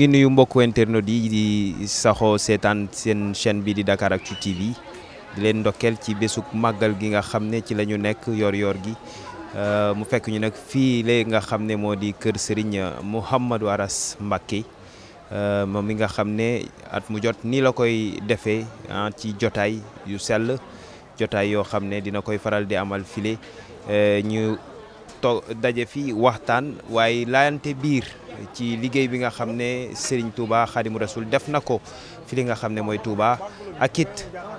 ngi nuyu mbokku internet yi di saxoo seetaan seen chaîne bi di dakaar ak Dakaractu TV di leen ndokkeel ci bésug màggal gi nga xam ne ci la ñu nekk yor-yor gi euh, mu fekk ñu nag fii nga xam ne moo di kër Serigne Mouhamadou Arass Mbacké euh, moom mi nga xam ne at mu jot nii la koy defee ah, ci jotaay yu sell jotaay yoo xam ne dina koy faral di amal file euh, ñu to daje fi waxtaan waaye laayante biir. ci liggéey bi nga xam ne Serigne Touba Xadimu Rasul def na ko fi li nga xam ne mooy Touba ak it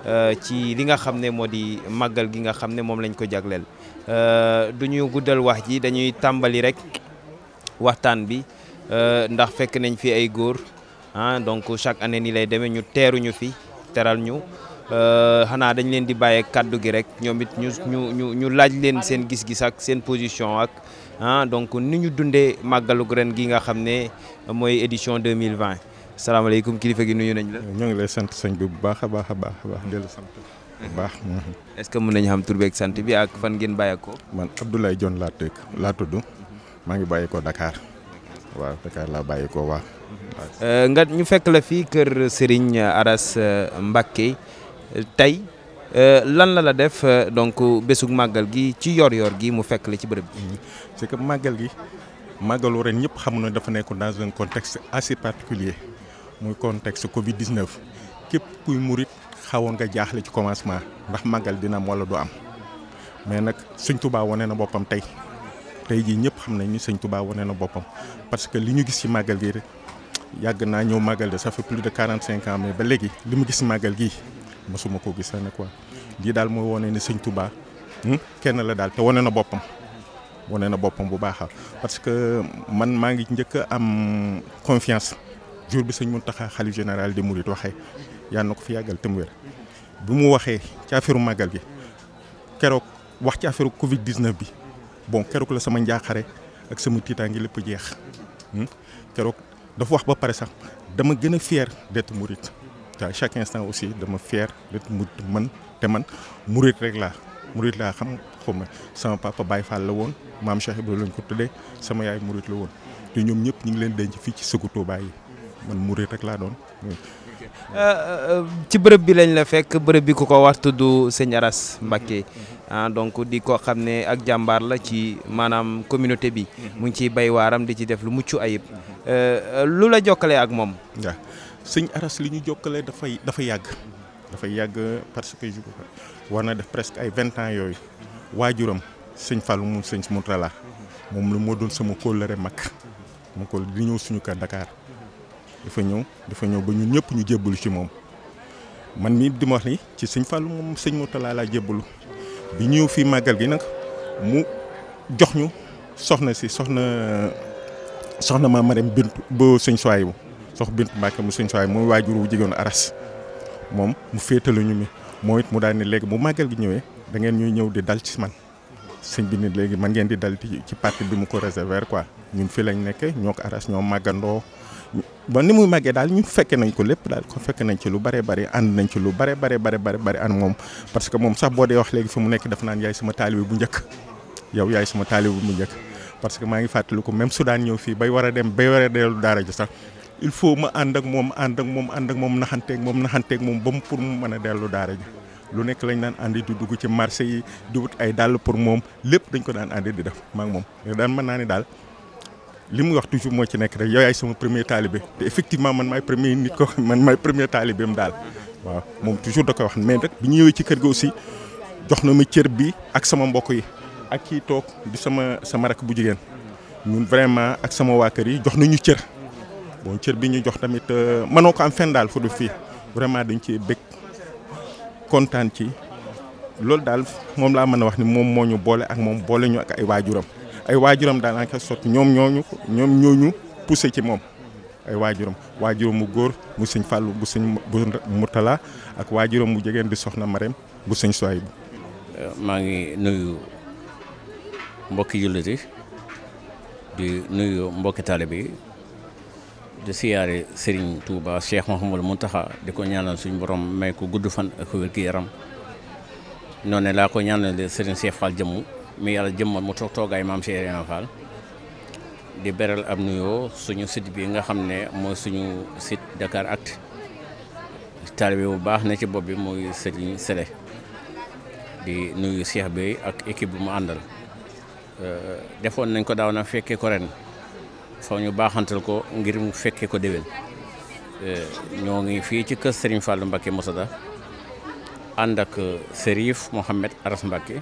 euh, ci li nga xam ne moo di màggal gi nga xam ne moom lañ ko jagleel euh, du ñu guddal wax ji dañuy tàmbali rek waxtaan bi euh, ndax fekk nañ fi ay góor ah donc chaque année ni lay demee ñu teeruñu fi teral ñu xanaa dañ leen di bàyyee kàddu gi rek ñoom it ñu ñu ñu laaj leen seen gis-gis ak seen position ak. ah donc ni ñu dundee màggalu ren gi nga xam ne mooy édition 2020 salaamaaleykum kilifa gi nuyu nañ la. ñoo ngi lay sant sëñ bi bu baax a baax a baax a baax di la baax. est-ce que mën nañu xam tur sant bi ak fan ngeen bàyyeekoo. man Abdoulaye Dione laa tëkk laa tudd maa ngi bàyyeekoo Dakar waaw Dakar laa bàyyeekoo waaw. Euh, nga ñu fekk la fii kër Serigne Aras euh, Mbacké euh, tey Euh, lan la la def euh, donc bésug màggal gi ci yor yoor gi mu fekk la ci bërëb bi. Mm-hmm. c'est que màggal gi màggalu ren ñëpp xam na dafa nekkoon dans un contexte assez particulier muy contexte Covid 19 képp kuy murit xawoon nga jaaxle ci commencement ndax màggal dina am wala du am mais nag Sëñ Tuubaa wane na boppam tey tey jii ñëpp xam nañ ni Sëñ Tuubaa wane na boppam parce que li ñu gis ci màggal gi rek yàgg naa ñëw màggal de sa fait plus de quarante cinq ans mais ba léegi li mu gis ci màggal gi. masuma ko gis ne quoi lii daal mooy wane ni sëñ Touba hmm, kenn la daal te wane na boppam wane na boppam bu baax parce que man maa ngi njëkk am confiance jour bi sëñ Mountakha xalif général des Mourides waxee yàlla na ko fi yàggal te mu wér bi mu waxee ci affaire màggal gi keroog wax ci affaire Covid 19 bi bon keroog la sama njaaxare ak sama tiitaangi lépp jeex hmm. keroog dafa wax ba pare sax dama gën a fier d'être mouride te à chaque instant aussi dama fier de mu man te man murit rek laa murit laa xam xaw ma sama papa baay Fall la woon maam Cheikh Ibrahima lañ ko tuddee sama yaay murit la woon te ñoom ñëpp ñu ngi leen denc fii ci sëgu Touba yi man murit rek laa doon. ci bërëb bi lañ la fekk bërëb bi ku ko wax tudd señaras Aras Mbacké ah donc di ko xam ne ak jàmbaar la ci maanaam communauté bi. Mhm. mu ngi ciy bay waaram di ci def lu mucc ayib. Euh, euh, lu la jokkale ak moom. sëñ Aras li ñu jokkale dafay dafa yàgg dafay yàgg parce que war na def presque ay vingt ans yooyu waajuram sëñ Fallou mu sëñ Moutala moom lu moo doon sama kóllëre mag mu ko di ñëw suñu kër Dakar dafa ñëw dafa ñëw ba ñun ñëpp ñu jébbalu ci moom man mii di ma wax ni ci sëñ Fallou moom sëñ Moutala laa jébbalu bi ñëw fii màggal gi nag mu jox ñu soxna si soxna soxna ma Marème Bintu ba sëñ Soyibu sox bint Mbàkke mu suñ sowaay muy waajur wu jigéenu aras moom mu féetalu ñu mi moo it mu daan ne léegi mu màggal gi ñëwee da ngeen ñuy ñëw di dal ci man sëñ bi ni léegi man ngeen di dal ci parti bi mu ko réserver quoi ñun fii lañ nekkee ñoo ko aras ñoo màggandoo ba ni muy màggee daal ñu fekke nañ ko lépp daal ko fekkee nañ ci lu bare bare ànd nañ ci lu bare bare bare bare bare ànd moom parce que moom sax boo dee wax léegi fi mu nekk dafa naan yaay sama taalibe bu njëkk yow yaay sama taalibe bu njëkk parce que maa ngi fàttaliku su daan ñëw fii bay war a dem bay war a dellu daara ji sax il faut ma ànd ak moom ànd ak moom ànd ak moom naxanteeg moom naxanteeg moom ba mu pour mu mën a dellu daara ji lu nekk lañ daan àndi di dugg ci marché yi di wut ay dàll pour moom lépp dañ ko daan àndi di def maak ak moom daan mën naa ne daal li mu wax toujours moo ci nekk rek yow yaay sama premier talibé te effectivement man maay premier nit ko man maay premier talibéem daal waaw moom toujours da koy wax mais nag bi ñu ñëwee ci kër gi aussi jox na ma cër bi ak sama mbokk yi ak kii toog di sama sama rak bu jigéen ñun vraiment ak sama waa kër yi jox nañu cër. bon cër bi ñu jox tamit euh, mënoo ko am fenn daal fu du fii vraiment dañ ci bëgg kontaan ci loolu daal moom laa mën a wax ni moom moo ñu boole ak moom boole ñu ak ay waajuram ay waajuram daal en quelque sorte ñoom ñooñu ñoom ñooñu ci moom ay waajuram waajuram mu góor mu sëñ fàllu bu sëñ Mourtala ak waajuram mu jegeen di soxna Marème bu sëñ Souaïbou euh, maa ngi nuyu mbokki jullit yi di nuyu mbokki taalibe yi di siyaare Serigne Touba Cheikh Mouhamadou Mountakha di ko ñaanal suñu borom may ko gudd fan ak wér-gu-yaram noonu laa ko ñaanal Serigne Cheikh Fall jëmm mi yàlla jëmmal mu toog toogaay maam Cheikh Ibrahima Fall di beral ab nuyoo suñu site bi nga xam ne mooy suñu site Dakar Actu taalibe bu baax na ci bopp bi mooy Serigne Sele di nuyu Cheikh bi ak équipe bu mu àndal euh, defoon nañ ko daaw na fekkee ko ren. faw ñu baaxantal ko ngir mu fekkee ko déwén eh, ñoo ngi fii ci kër Serigne Fallou Mbacké Moussada ànd ak eh, Serif Mohamed Aras Mbacké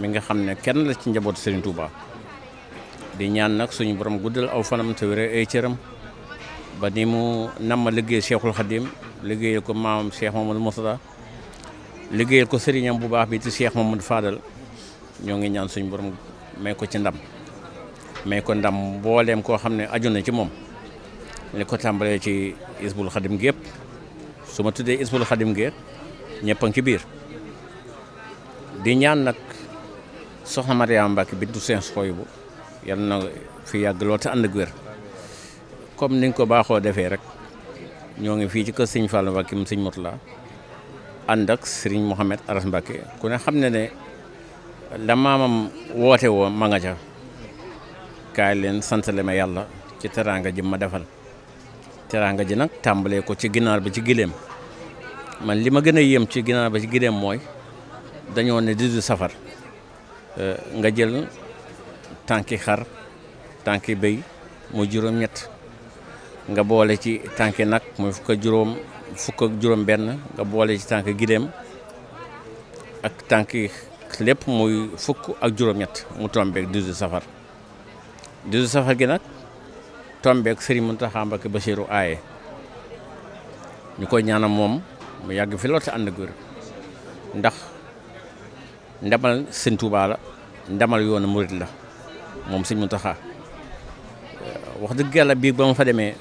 mi nga xam ne kenn la ci njabootu Serigne Touba di ñaan nag suñu borom guddal aw fanam te ay cëram ba ni mu nama liggéey Cheikhul Khadim liggéeyal ko maamam Cheikh Mamadou Moussada liggéeyal ko sëriñam bu baax bi ci Cheikh Mamadou Fadal ñoo ngi ñaan suñu borom may ko ci ndam mais ko ndam mbooleem koo xam ne aju na ci moom li ko tàmbalee ci isbul xadim gi yëpp su ma tuddee isbul xadim gi ñëpp a ngi ci biir di ñaan nag soxna Mariama Mbacke bintu Sëñ Souhaïbou yal na fi yàgg lool te ànd ak wér comme niñ ko baaxoo defee rek ñoo ngi fii ci kër Sëñ Fallou Mbacke mu Sëñ Mourtala ànd ak Serigne Mohamed Aras Mbacke ku ne xam ne ne la maamam woote woo ma nga kaay leen santale ma yàlla ci teraanga ji ma defal teraanga ji nag tàmbalee ko ci ginaar bi ci gileem man li ma gën a yéem ci ginaar ba ci gileem mooy dañoo ne di safar euh, nga jël tànki xar tànki béy mu juróom-ñett nga boole ci tànki nag muy fukk ak juróom fukk ak juróom-benn nga boole ci tànki gileem ak tànki lépp muy fukk ak juróom-ñett mu tombeek safar di du safar gi nag tombeek sëriñ Muntaxa ba Basiiru aaye ñu koy ñaanam moom mu yàgg fi lool te ànd ak ndax ndamal sëñ Tuubaa la ndamal yoonu murit la moom sëñ Muntaxa wax dëgg yàlla bii ba ma fa demee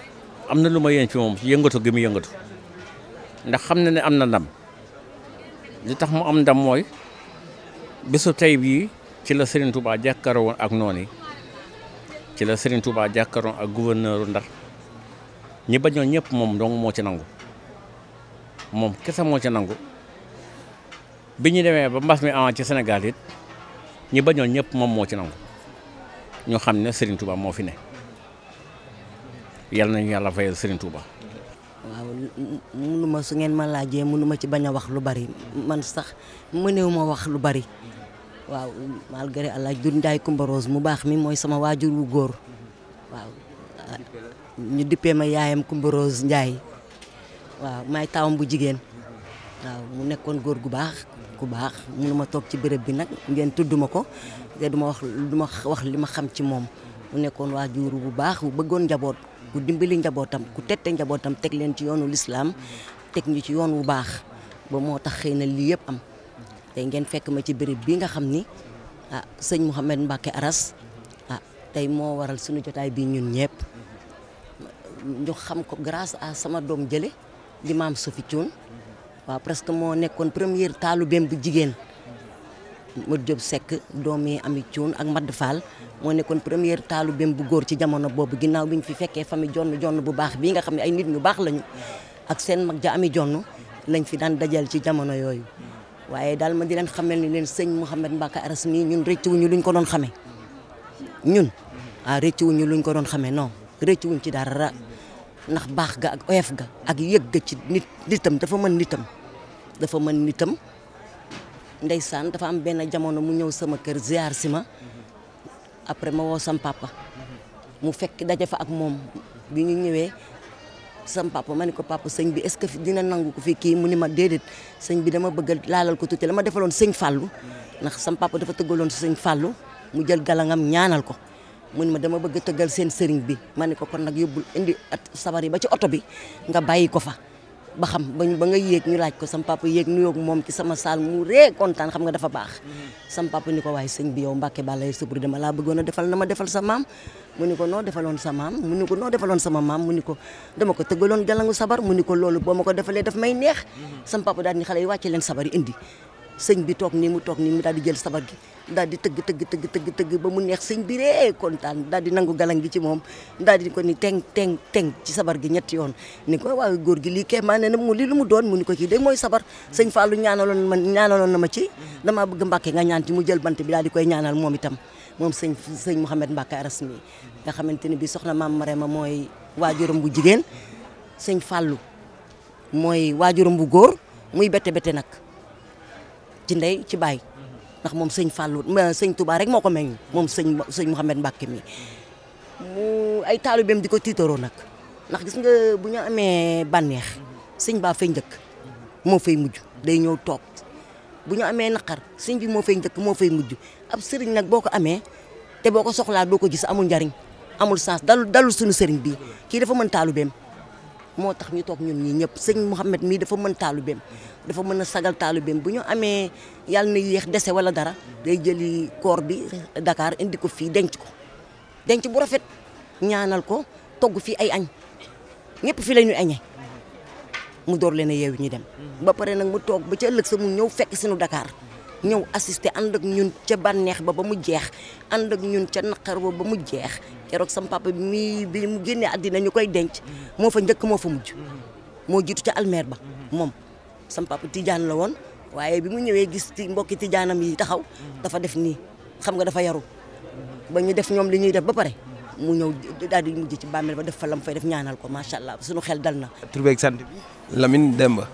am na lu ma yéen ci moom yëngatu gi mu yëngatu ndax xam na ni am na ndam li tax mu am ndam mooy bésu tey bii ci la sëriñ Tuubaa jàkkaaroo woon ak noonu yi ci la Serigne Touba jàkkaroon ak gouverneur Ndar ñi bañoon ñëpp moom dong moo ci nangu moom kese moo ci nangu bi ñu demee ba mbas mi amaan ci Sénégal it ñi bañoon ñëpp moom moo ci nangu ñu xam ne sëriñ Touba moo fi ne yal nañu yàlla fayal Serigne Touba. waaw mënuma su ngeen ma laajee mënuma ci bañ a wax lu bari man sax mënewuma wax lu bari. waaw malgré alaaj du Njaay Kumba Rose mu baax mi mooy sama waajur wu góor waaw ah, ñu dippee ma yaayam Kumba Rose Njaay waaw may taawam bu jigéen waaw mu nekkoon góor gu baax ku baax mënu ma toog ci béréb bi nag ngeen tudd ko du ma wax du li ma xam ci moom mu nekkoon waajur bu baax bu bëggoon njaboot ku dimbali njabootam ku tette njabootam teg leen ci yoonu lislaam teg ñu ci yoon wu baax ba moo tax xëy na lii yëpp am tey ngeen fekk ma ci béréb bi nga xam ni ah sëñ Mouhamed Mbacke Aras ah tey moo waral suñu jotaay bii ñun ñëpp ñu xam ko grâce à sama doom jële di maam Sophie Thioune waaw presque moo nekkoon première taalubeem bu jigéen Modou Diop Seck doomi Ami Thioune ak Madd Fall moo nekkoon première taalubeem bu góor ci jamono boobu ginnaaw bi ñu fi fekkee famille jonn jonn bu baax bii nga xam ne ay nit ñu baax lañu ak seen mag ja Ami jonn lañ fi daan dajal ci jamono yooyu waaye daal ma di leen xameel ni leen sëñ Mouhamed Mbacke Aras mii ñun rëccu wuñu luñ ko doon xamee ñun ah rëccu wuñu luñ ko doon xamee non rëccu wuñ ci dara ndax baax ga ak oyof ga ak yëg ga ci nit nitam dafa mën nitam dafa mën nitam ndeysaan dafa am benn jamono mu ñëw sama kër ziar si ma après ma woo papa mu fekk daje fa ak moom bi ñu ñëwee sam papa ma ne ko papa sëñ bi est-ce que dina nangu ko fi kii mu ni ma déedéet sëñ bi dama bëgg laalal ko tuuti la ma defaloon sëñ Fallou ndax sam papa dafa tëggaloon sëñ fallu mu jël galangam ñaanal ko mu ma dama bëgg tëggal seen sëriñ bi ma ne ko kon nag yóbbul indi at sabar yi ba ci oto bi nga bàyyi ko fa ba xam ba ba nga yéeg ñu laaj ko sam papa yéeg nuyoog moom ci sama saal mu ree kontaan xam nga dafa baax mm-hmm. sam papa ni ko waaye sëñ bi yow Mbàkke Bàlla Sobri dama laa bëggoon a defal na ma defal sa maam mu ni ko noo defaloon sa maam mu ni ko noo defaloon sama maam mu ni ko dama ko tëggaloon galangu sabar mu ni ko loolu boo ma ko defalee daf may neex mm-hmm. sam papa daal ni xale yi wàcce leen sabar yi indi sëñ bi toog nii mu toog nii mu daal di jël sabar gi daal di tëgg tëgg tëgg tëgg tëgg ba mu neex sëñ bi ree kontaan daal di nangu galang gi ci moom daal di ko ni teng teng teng ci sabar gi ñetti yoon ni ko waaw góor gi lii kay maa ne na mu li lu mu doon mu ni ko ci de mooy sabar sëñ Fallou ñaanaloon ma ñaanaloon na ma ci damaa bëgg Mbàkke nga ñaan ci mu jël bant bi daal di koy ñaanal moom itam moom sëñ sëñ Mouhamed Mbacke Aras mi nga xamante ni bi soxna maam ma mooy waajuram bu jigéen sëñ Fallou mooy waajuram bu góor muy bette bette nag ci ndey ci baay ndax moom sëñ Fallou sëñ Touba rek moo ko meññ moom sëñ sëñ Mouhamed Mbacke mi mu ay taalibeem di ko tiitaroo nag ndax gis nga bu amee banneex sëñ baa fay njëkk moo fay mujj day ñëw toog bu ñu amee naqar sëñ bi moo fay njëkk moo fay mujj ab sëriñ nag boo ko amee te boo ko soxlaa doo ko gis amul njariñ amul sens dalul dalul suñu sëriñ bi kii dafa mën taalubeem moo tax ñu toog ñun ñii ñëpp sëñ Mouhamed mii dafa mën taalubeem dafa mën a sagal taalu taalibeem bu ñu amee yàlla na yéex dese wala dara day jëli koor bi dakaar indi ko fii denc ko denc bu rafet ñaanal ko togg fii ay añ ñépp fi la ñuy añee mu door leen a yeewu ñu dem. ba pare nag mu toog ba ca ëllëg sa mu ñëw fekk sinu dakaar ñëw assister ànd ak ñun ca banneex ba ba mu jeex ànd ak ñun ca naqar ba ba mu jeex keroog sam papa bi muy bi mu génnee àddina ñu koy denc moo fa njëkk moo fa mujj moo jiitu ca almeer ba moom. sam papa tijaan la woon waaye bi mu ñëwee gis ci mbokki tijaanam yi taxaw dafa def nii xam nga dafa yaru ba ñu def ñoom li ñuy def ba pare mu ñëw daal di mujj ci bàmmeel ba def fa lam fay def ñaanal ko macha allah suñu xel dal na. tur beeg sant bi Lamine Demba.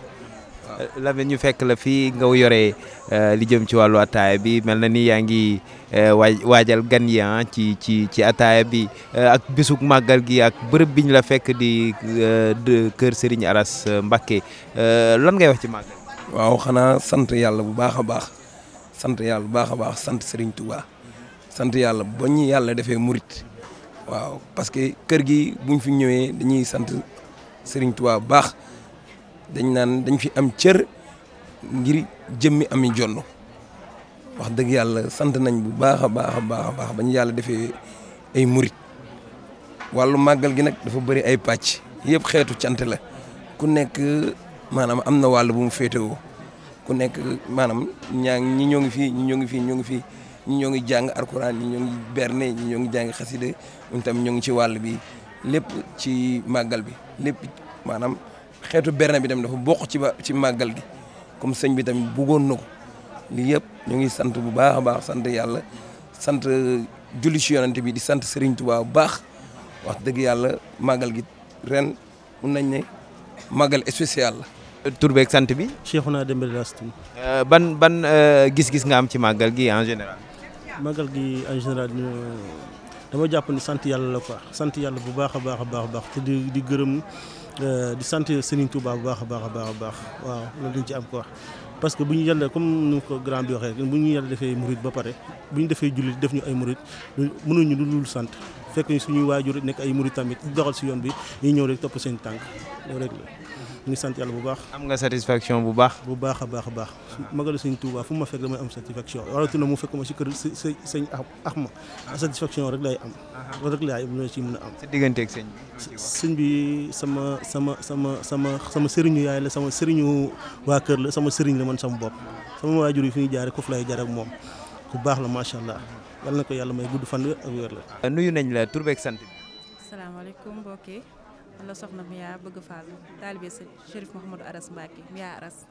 Lamine ñu fekk la fii nga yore euh, li jëm ci wàllu ataaya bi mel na ni yaa ngi euh, waajal gan yi ah, ci ci ci ataaya bi euh, ak bésug màggal gi ak bërëb bi ñu la fekk di kër Serigne Aras Mbacké lan ngay wax ci màggal. waaw xanaa sant yàlla bu baax a baax sant yàlla bu baax a baax sant sëriñ Touba sant yàlla ba yàlla defee murit waaw parce kër gi buñ fi ñëwee dañuy sant Serigne Touba bu baax. dañ naan dañ fi am cër ngir jëmmi ami jonn wax dëgg yàlla sant nañ bu baax a baax a baax a baax bañ yàlla defee ay muri wàllu màggal gi nag dafa bëri ay pàcc yëpp xeetu cant la ku nekk maanaam am na wàll bu mu féetewoo ku nekk maanaam ñaaŋ ñi ñoo ngi fii ñi ñoo ngi fii ñoo ngi fii ñi ñoo ngi jàng alxuraan ñi ñoo ngi berne ñi ñoo ngi jàng xasida ñun tam ñoo ngi ci wàll bi lépp ci màggal bi lépp maanaam xeetu berne bi tamit dafa bokk ci ba ci màggal gi comme sëñ bi tamit bëggoon na ko lii yëpp ñu ngi sant bu baax a baax sant yàlla sant julli ci yonante bi di sant Serigne Touba bu baax wax dëgg yàlla màggal gi ren mun nañ ne màggal spécial la. sant bi. Cheikhouna Dembélé Lastoum. Euh, ban ban euh, gis-gis nga am ci màggal gi en général. màggal gi en général dama jàpp ni sant yàlla la quoi sant yàlla bu baax a baax a baax te di gërëm. Euh, di sant Serigne Touba bu baax a baax a baax a baax waaw loolu dañ ci am ko wax parce que bu ñu yàlla comme nu ko grand bi waxee bu ñu yàlla defee murit ba pare bu ñu defee jullit def ñu ay murit mënuñu lu dul sant fekk ñu suñuy waajur nekk ay murit tamit doxal si yoon bi ñuy ñëw rek topp seen tànk loolu rek la ñu ngi sant yàlla bu baax. am nga satisfaction bu baax. bu baax a baax a baax. magalu sëñ Touba fu ma fekk damay am satisfaction rawatina mu fekk kër si am. loolu rek a ci a am. sa digganteeg bi. sama sama sama sama sama sëriñu yaay la sama sëriñu waa kër la sama sëriñ la man sama bopp sama waajur yi fi ñuy jaaree ku fi lay jaar ak moom bu baax la macha allah yal na ko yàlla may gudd fan ak wér la. nuyu nañ la tur beeg sant bi. salaamaaleykum la soxna Mia bëgg Fall taalibe sa Chérif Mouhamadou Aras Mbacke Mia Aras.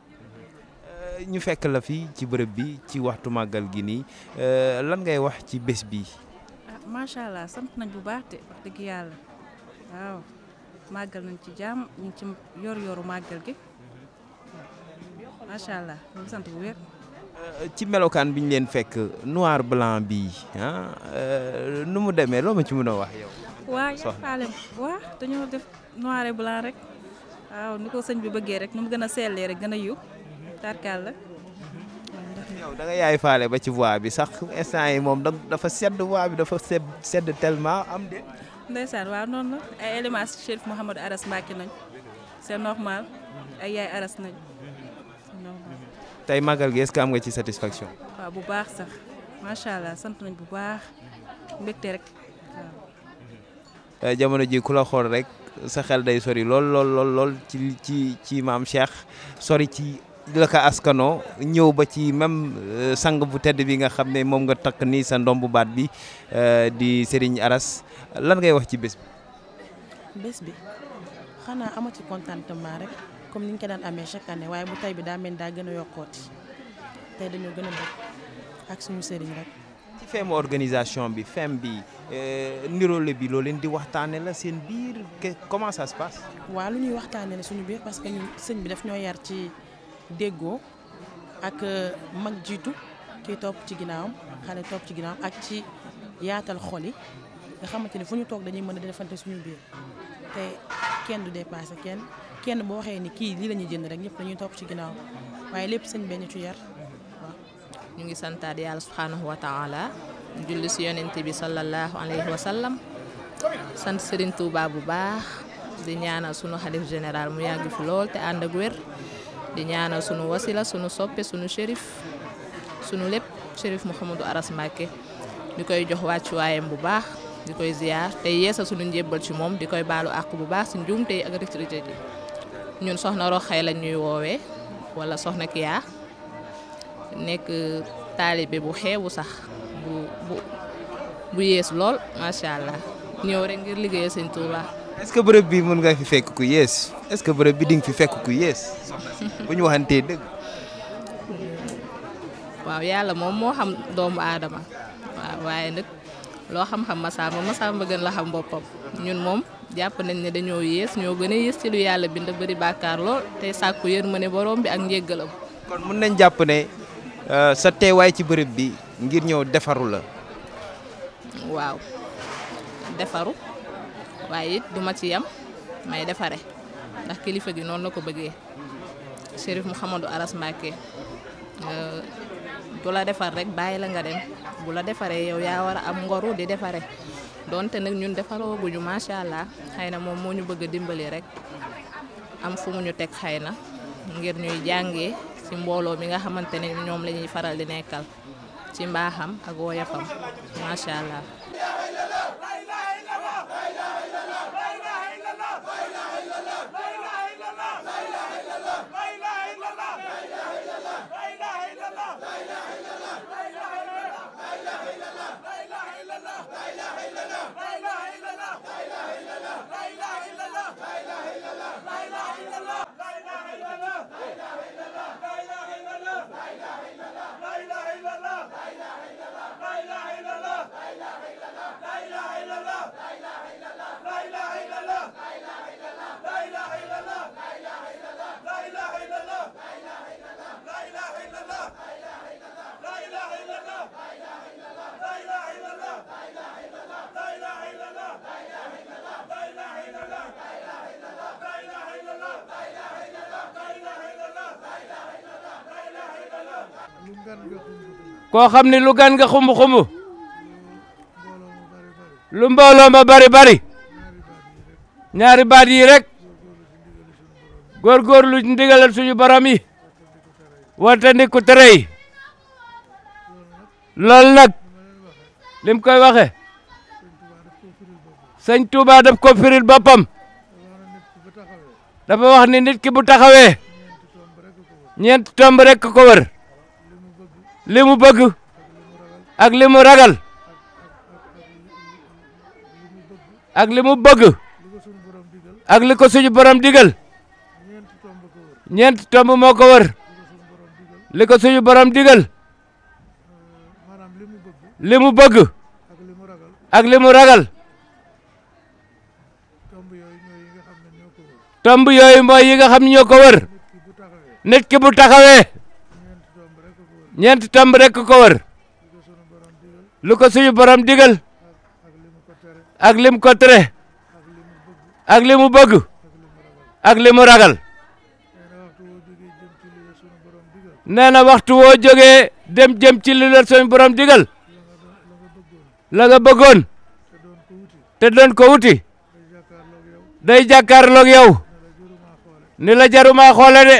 Euh, ñu fekk la fi ci bërëb bi ci waxtu màggal gi nii euh, lan ngay wax ci bés bi ah macha allah sant nañ bu baax te wax dëgg yàlla waaw màggal nañ ci jaam ñu ci yor-yoru màggal gi macha allah ñu sant bu wér. Euh, ci melokaan bi ñu leen fekk noir blanc bi ah nu mu demee loo ma ci mën a wax yow. soxna dañoo def. noir et blanc rek waaw ni ko sëñ bi bëggee rek nu mu gën a sellee rek gën a yóbbu tarkaal la. yow da yaay faale ba ci voix bi sax instant yi moom dafa sedd voix bi dafa sedd tellement am de. ndeysaan waaw noonu la ay éléments Chérif Mouhamadou Aras Mbacké nañ c'est normal ay yaay Aras nañ tey magal gi est am nga ci satisfaction. waaw bu baax sax macha allah sant nañ bu baax mbégte rek waaw. jamono ji ku la xool rek. sa xel day sori lool lool lool lool ci ci ci maam Cheikh sori ci la ko askano ñëw ba ci même euh, sang bu tedd bi nga xam ne moom nga takk nii sa ndombu baat bi euh, di sëriñ Aras lan ngay wax ci bés bi. bés bi xanaa ama ci contentement rek comme niñ ko daan amee chaque année waaye bu tey bi daa mel daa gën a yokkooti tey dañoo gën a bëgg ak suñu Serigne rek. ci feemu organisation bi fem bi euh, nirole bi loo leen di waxtaane la seen biir comment ça se passe. waaw suñu biir parce que sëñ bi daf ñoo yar ci déggoo ak euh, mag jiitu kii topp ci ginnaawam xale topp ci ginnaawam ak ci yaatal xol yi nga ne fu toog dañuy mën a defante suñu biir te kenn du dépassé kenn kenn boo waxee ni kii lii la ñuy jënd rek ñëpp lañuy topp ci ginnaawam waaye lépp sëñ benn ci yar. ñu ngi santaat yàlla subhaanahu wa taala julli si yonent bi sallallahu alayhi wa sant Serigne Touba bu baax di ñaanal sunu xalif général mu yàgg fi lool te ànd ak wér di ñaanal sunu wasila sunu soppee sunu shérif sunu lépp shérif Mouhamadou Aras Mbacke di koy jox wàccuwaayam bu baax di koy ziar te yeesal sunu njébbal ci moom di koy baalu àq bu baax si njuumte yi ak rëcc rëcc ñun soxna Roxaya la ñuy woowee wala soxna Kiya. nekk taalibe bu xeebu sax bu bu bu yees lool macha allah ñëw rek ngir liggéey sëñ Touba. est-ce que bërëb bi mën nga fi fekk ku yees est-ce que bërëb bi di nga fi fekk ku yees. bu ñu waxantee dëgg. waaw yàlla moom moo xam doomu aadama waaw waaye nag loo xam-xam masaa Massamba gën la xam boppam ñun moom jàpp nañ ne dañoo yées ñoo gën a yées ci lu yàlla bind bëri bàkkaar lool te sàkku yërmande borom bi ak njéggalam. kon mën nañ jàpp ne Euh, sa teewaay ci bërëb bi ngir ñëw defaru la. waaw defaru waaye it duma ci yam may defare ndax kilifa gi noonu la ko bëggee Chérif Mouhamadou Aras Mbacké euh, du la defar rek bàyyi la nga dem bu la defaree yow yaa war a am ngoru di defare donte nag ñun defaroo ñu macha allah xëy na moom moo ñu bëgg a dimbali rek am fu mu ñu teg xëy na ngir ñuy jàngee. ci mbooloo mi nga xamante ne ñoom la ñuy faral di nekkal ci mbaaxam ak woyafam macha allah. koo xam ni lu gan nga xumb-xumb lu mbooloo bari bari ñaari baat yi rek góorgóorlu ndigalal suñu baram yi wante ndi ku tere yi nag lim koy waxe sëñ Touba daf ko firil boppam dafa wax ni nit ki bu taxawee ñeent tomb rek ko wër li mu bëgg ak li ragal ak li mu bëgg ak li ko suñu borom digal ñeent tomb moo ko wër li ko suñu borom digal bëgg ak li ragal tomb yooyu mooy yi nga xam ñoo ko wër nit ki bu ñeenti tomb rek ko wër lu ko suñu borom digal ak lim ko tere ak li mu bëgg ak li ragal nee na waxtu woo jóge dem jëm ci li la borom digal la nga bëggoon te doon ko wuti day jàkkaarloog yow ni la jarumaa xoole de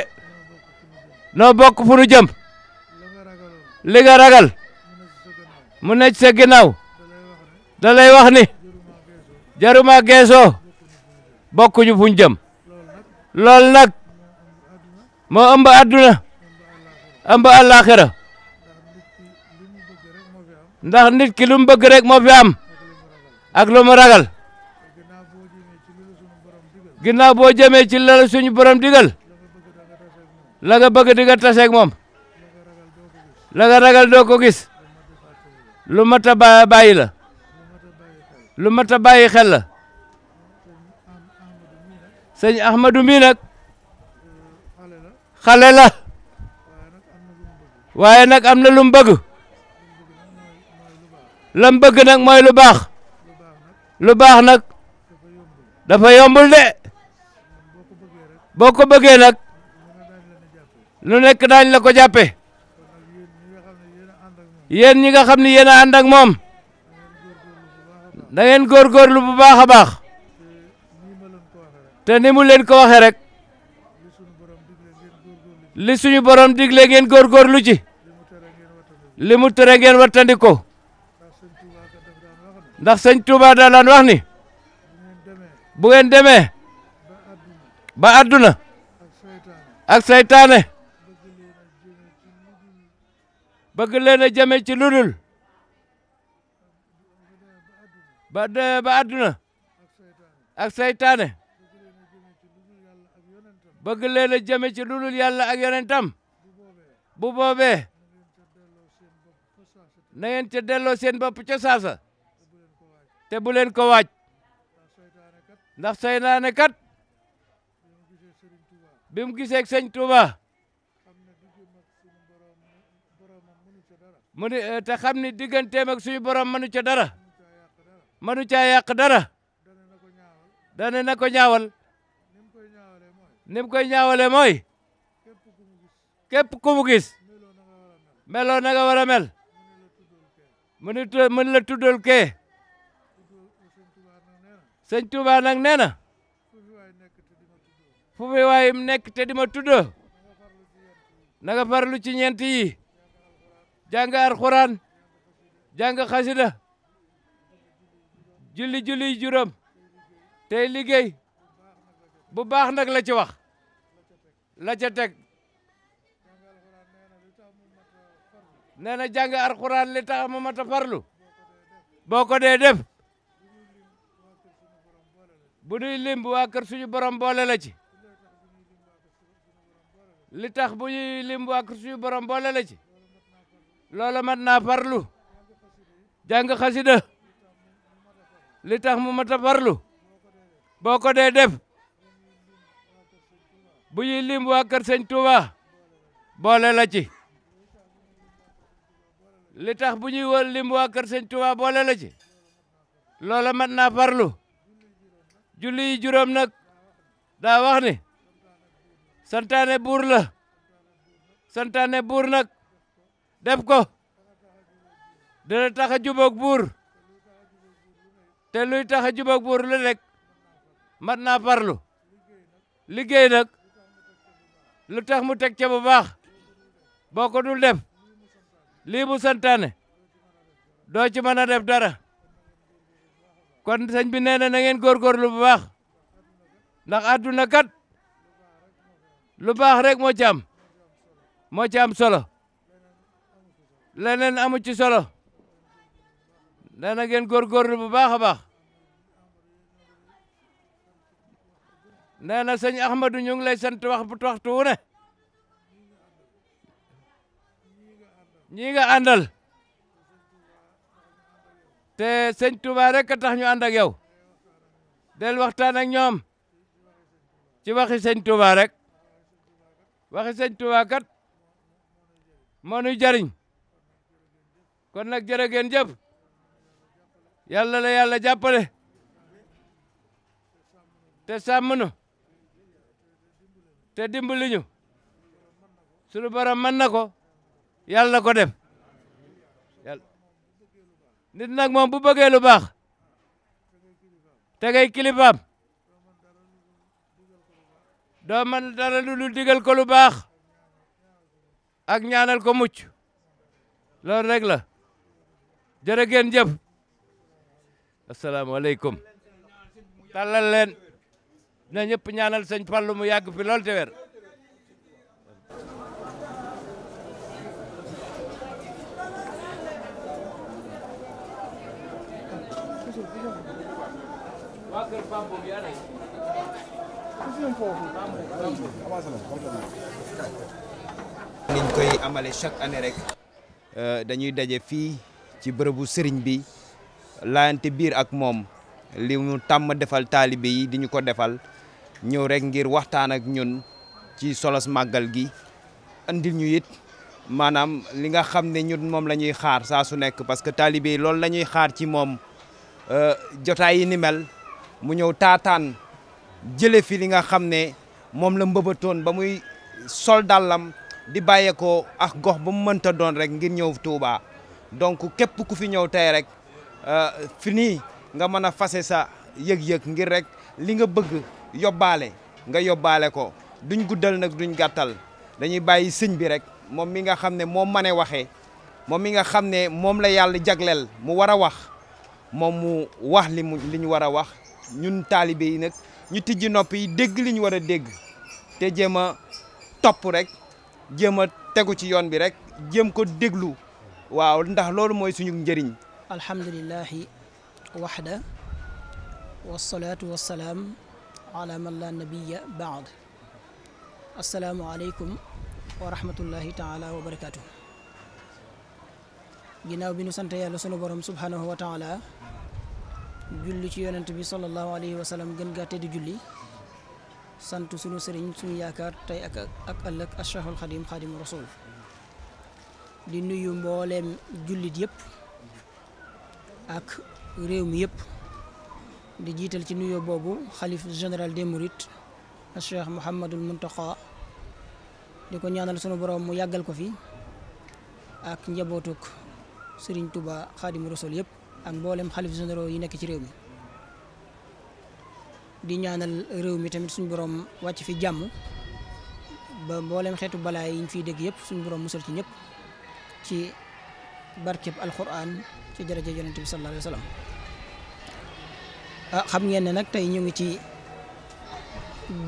noo bokk fu nu jëm li nga ragal mu nekk sa ginnaaw da lay wax ni jaruma geesoo bokkuñu fuñ jëm loolu nag moo ëmb àdduna ëmb àllaaxira ndax nit ki lu mu bëgg rek moo fi am ak lu ragal ginnaaw boo jëmee ci la suñu borom digal la nga bëgg di nga taseeg moom la nga ragal doo ko gis lu mat a bàyyi la lu mat a bàyyi xel la sëñ Ahmadou mii nag xale la waaye nag am na lu mu bëgg lam bëgg nag mooy lu baax lu baax nag dafa yombul de boo ko bëggee nag lu nekk daañ la ko jàppe yéen ñi nga xam ne yéen a ànd ak moom da góor góorlu bu baax a baax te ni mu leen ko waxee rek li suñu borom digle ngeen góorlu ci li mu tere ngeen wattandi ndax sëñ Touba da wax ni bu ngeen demee ba àdduna ak saytaane bëgg leen a jëme ci ludul ba ba ak saytaane bëgg leen a jëme ci ludul yàlla ak yonentam bu boobee nageen ngeen ca delloo seen bopp ca saasa te bu leen ko waaj ndax saytaane kat bi mu gisee sëñ Tuuba mu ni eh, te xam ni digganteem ak suñu borom mënu ca dara mënu caa yàq dara dane na ko ñaawal ni mu koy ñaawale mooy képp ku mu gis meloo na nga war a mel mu ni mu ni la tuddal kee sëñ Tuubaa nag nee na fu nekk te di ma tuddoo na nga farlu ci ñeent yi jàng alxuraan jàng xasida julli julli juróom tey liggéey bu baax nag la ci wax la ca teg nee na jàng alxuraan li tax mu mat farlu boo ko dee def bu nuy lim bu waa kër borom boole la ci li tax bu ñuy lim bu waa kër borom boole la ci loola mat naa farlu jàng xasida li tax mu mat a farlu boo ko dee def bu yi lim waa kër sëñ boole la ci li tax bu ñuy wol lim waa kër sëñ Touba boole la ci loola mat naa farlu julli yi juróom nag daa wax ni santaane buur la santaane buur nag def ko dina tax a jubóog buur te luy tax a jubóog buur lu nekk mat naa parlu liggéey nag lu tax mu teg ca bu baax boo ko dul def lii santaane doo ci mën a def dara kon sëñ bi nee na na ngeen góorgóorlu bu baax ndax àdduna kat lu baax rek moo ci moo ci am solo leneen amu ci solo geen ngeen góorgóorlu bu baax a baax nee na sëñ Ahmadou ñu ngi lay sant wax bu waxtu wu ne ñi nga àndal te sëñ Touba rek a tax ñu ànd ak yow del waxtaan ak ñoom ci waxi sëñ Touba rek waxi sëñ Touba kat moo jariñ kon nag jërë ngeen jëf yàlla la yàlla jàppale te sàmm te dimbali ñu sunu borom mën na ko yàlla na ko def yàlla nag moom bu bëggee lu baax te ngay kilifaam doo man lu dul digal ko lu baax ak ñaanal ko mucc loolu rek la jërë ngeen jëf asalaamaaleykum tàllal leen na ñëpp ñaanal sëñ Fallu mu yàgg fi lool te niñ koy amale chaque année rek euh, dañuy daje fii ci bërëbu sëriñ bi laayante biir ak moom li mu tàmm defal taalibe yi di ñu ko defal ñëw rek ngir waxtaan ak ñun ci solos màggal gi andil ñu it maanaam li nga xam ne ñun moom la ñuy xaar saa su nekk parce que taalibe yi loolu la ñuy xaar ci moom euh, jotaay yi ni mel mu ñëw taataan jële fi li nga xam ne moom la mbëbatoon ba muy sol di di bàyyeekoo ak gox ba mu mënta doon rek ngir ñëw tuubaa donc képp ku fi ñëw tey rek euh, fi nii nga mën a fase sa yëg-yëg ngir rek li nga bëgg yóbbaale nga yóbbaale ko duñ guddal nag duñ gàttal dañuy bàyyi sëñ bi rek moom mi nga xam ne moom mën a waxee moom mi nga xam ne moom la yàlla jagleel mu war a wax moom mu wax li mu li ñu war a wax ñun taalibe yi nag ñu tijji nopp yi dégg li ñu war a dégg te jéem a topp rek jéem a tegu ci yoon bi rek jéem ko déglu waaw ndax loolu mooy suñu njariñ alhamdulilahi waxda wasalaatu wasalaam salaam man la nabiya baad asalaamu aleykum wa rahmatullahi taala wa barakaatu ginnaaw bi nu sant yàlla sunu borom subhanahu wa taala julli ci yonent bi sallallahu alayhi wa sallam gën gaa tedd julli sant sunu sëriñ suñu yaakaar tey ak ak ëllëg acheikhul xadim rasul di nuyu mbooleem jullit yépp ak réew mi yépp di jiital ci nuyu boobu xalif général des mourides Cheikh Mouhamadul Mountakha di ko ñaanal sunu borom mu yàggal ko fi ak njabootuk Serigne Touba Xaadimu Rasuul yëpp ak mbooleem xalif généraux yi nekk ci réew mi di ñaanal réew mi tamit suñu borom wàcc fi jàmm ba mbooleem xeetu balaa yi ñu fiy dégg yëpp suñu borom musal ci ñëpp ci barkeb alquran ci daraja yonent bi sallallahu alayhi wa sallam ah xam ngeen ne nag tey ñu ngi ci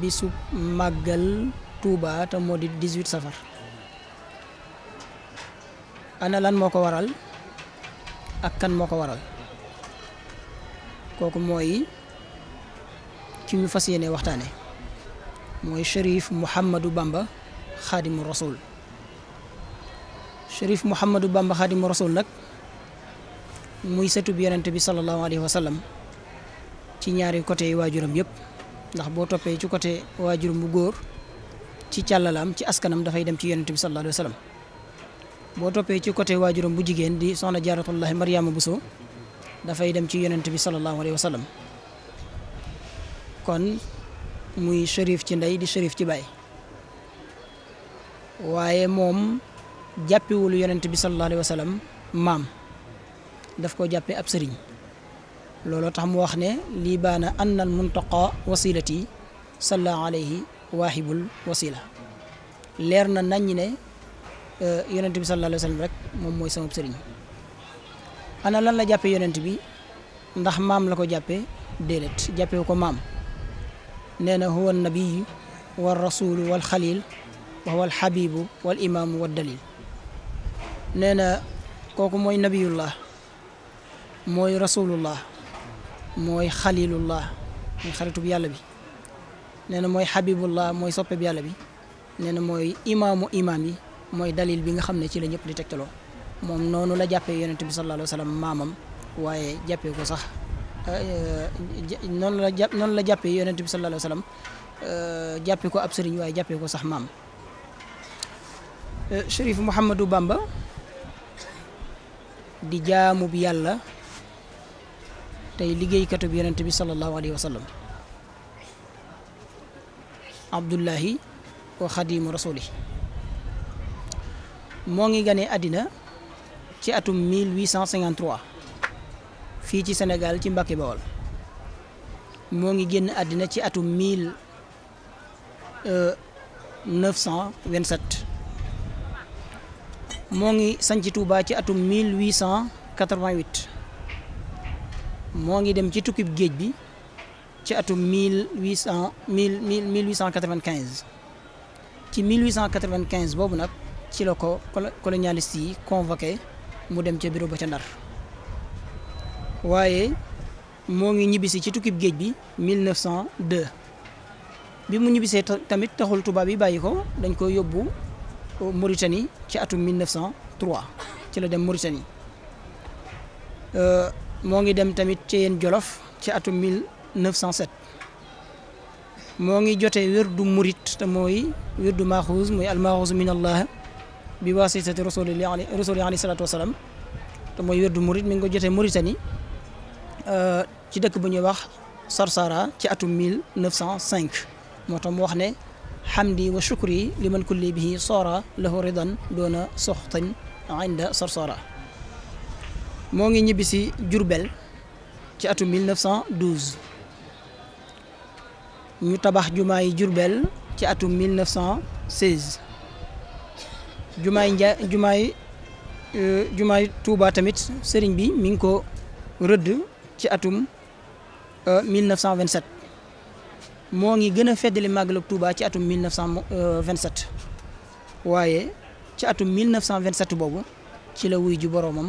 bisu màggal Touba te moo di 18 safar ana lan moo ko waral ak kan moo ko waral kooku mooy ci ñu fas yéene waxtaane mooy Cherif Mouhamadou Bamba Xaadimu Rasul Cherif Mouhamadou Bamba Khadimu Rasul nag muy sëtub yonent bi sallallahu alayhi wa sallam ci ñaari côté yi waajuram yëpp ndax boo toppee ci côté waajuram bu góor ci càllalaam ci askanam dafay dem ci yonent bi sallallahu alayhi boo toppee ci côté waajuram bu jigéen di soxna jaaratullahi bu Bousso dafay dem ci yonent bi sallallahu alayhi wa sallam kon muy shérif ci ndey di shérif ci baay waaye moom jàppewul yonent bi sallallahu alayhi wa maam daf koo jàppe ab sëriñ looloo tax mu wax ne lii baana ann al muntaqa wasilati salla alayhi waahibul wasila leer na naññi ne euh, yonent bi sallallahu alayhi wa rek moom mooy sama sëriñ ana lan la jàppe yonent bi ndax maam la ko jàppe déedéet jàppewu ko maam nee na huwa nabiyu wa rasulu wal xalil wa huwa al xabibu wal imaamu nee na kooku mooy nabiyullah mooy rasulullah mooy xalilullah mooy xaritub yàlla bi nee na mooy xabibullah mooy soppe bi yàlla bi nee na mooy imaamu imaam yi mooy dalil bi nga xam ne ci la ñëpp di tegtaloo moom noonu la jàppee yonent bi sallallahu alayhi maamam waaye jàppee ko sax euh, noonu la jàpp noonu la jàppee yonent bi sallallahu alayhi wa euh, jàppee ko ab sëriñ waaye jàppee ko sax maam euh, Chérif Mouhamadou Bamba di jaamub yàlla tey liggéeykatub yonent bi sallallahu alayhi wa abdullahi wa xadimu rasuli moo ngi gane àddina ci atum 1853 fii ci senegal ci Mbàkke Bawol moo ngi génn àddina ci atum 1927 moo ngi sanc Touba ci atum 1888 moo ngi dem ci tukkib géej bi ci atum 1800 1895 ci 1895 boobu nag ci la ko colonialiste yi convoqué mu dem cee bureau ba ca Ndar waaye moo ngi ñibbisi ci tukkib géej bi 1902 bi mu ñibbisee tamit taxul tubaab yi bàyyi ko dañ ko yóbbu Mauritanie ci atum 1903 ci la dem Mauritanie euh, moo ngi dem tamit ci yenn Jolof ci atum mille 1907 moo ngi jotee wérdu murit te mooy wérdu maaxuus mooy almaaxuus min allah bi waasitati rasulillahi alayhi rasuli alayhi salaatu wasalaam te mooy wérdu murit mi ngi ko jotee Mauritanie euh, ci dëkk bu ñuy wax Sarsara ci atum 1905 moo tax mu wax ne xam xamdi wa shukri li man kulli bihi soora lahu ridan doona soxtañ inda sorsoora moo ngi ñibbisi si Jurbel ci atum 1912 ñu tabax jumaay Jurbel ci atum 1916 jumaay nja jumaay euh, jumaay Touba tamit sëriñ bi mi ngi ko rëdd ci atum 1927 euh, moo ngi gën a feddali màggalu Touba ci atum 1927 euh, waaye ci atum 1927 boobu ci la wuy ju boroomam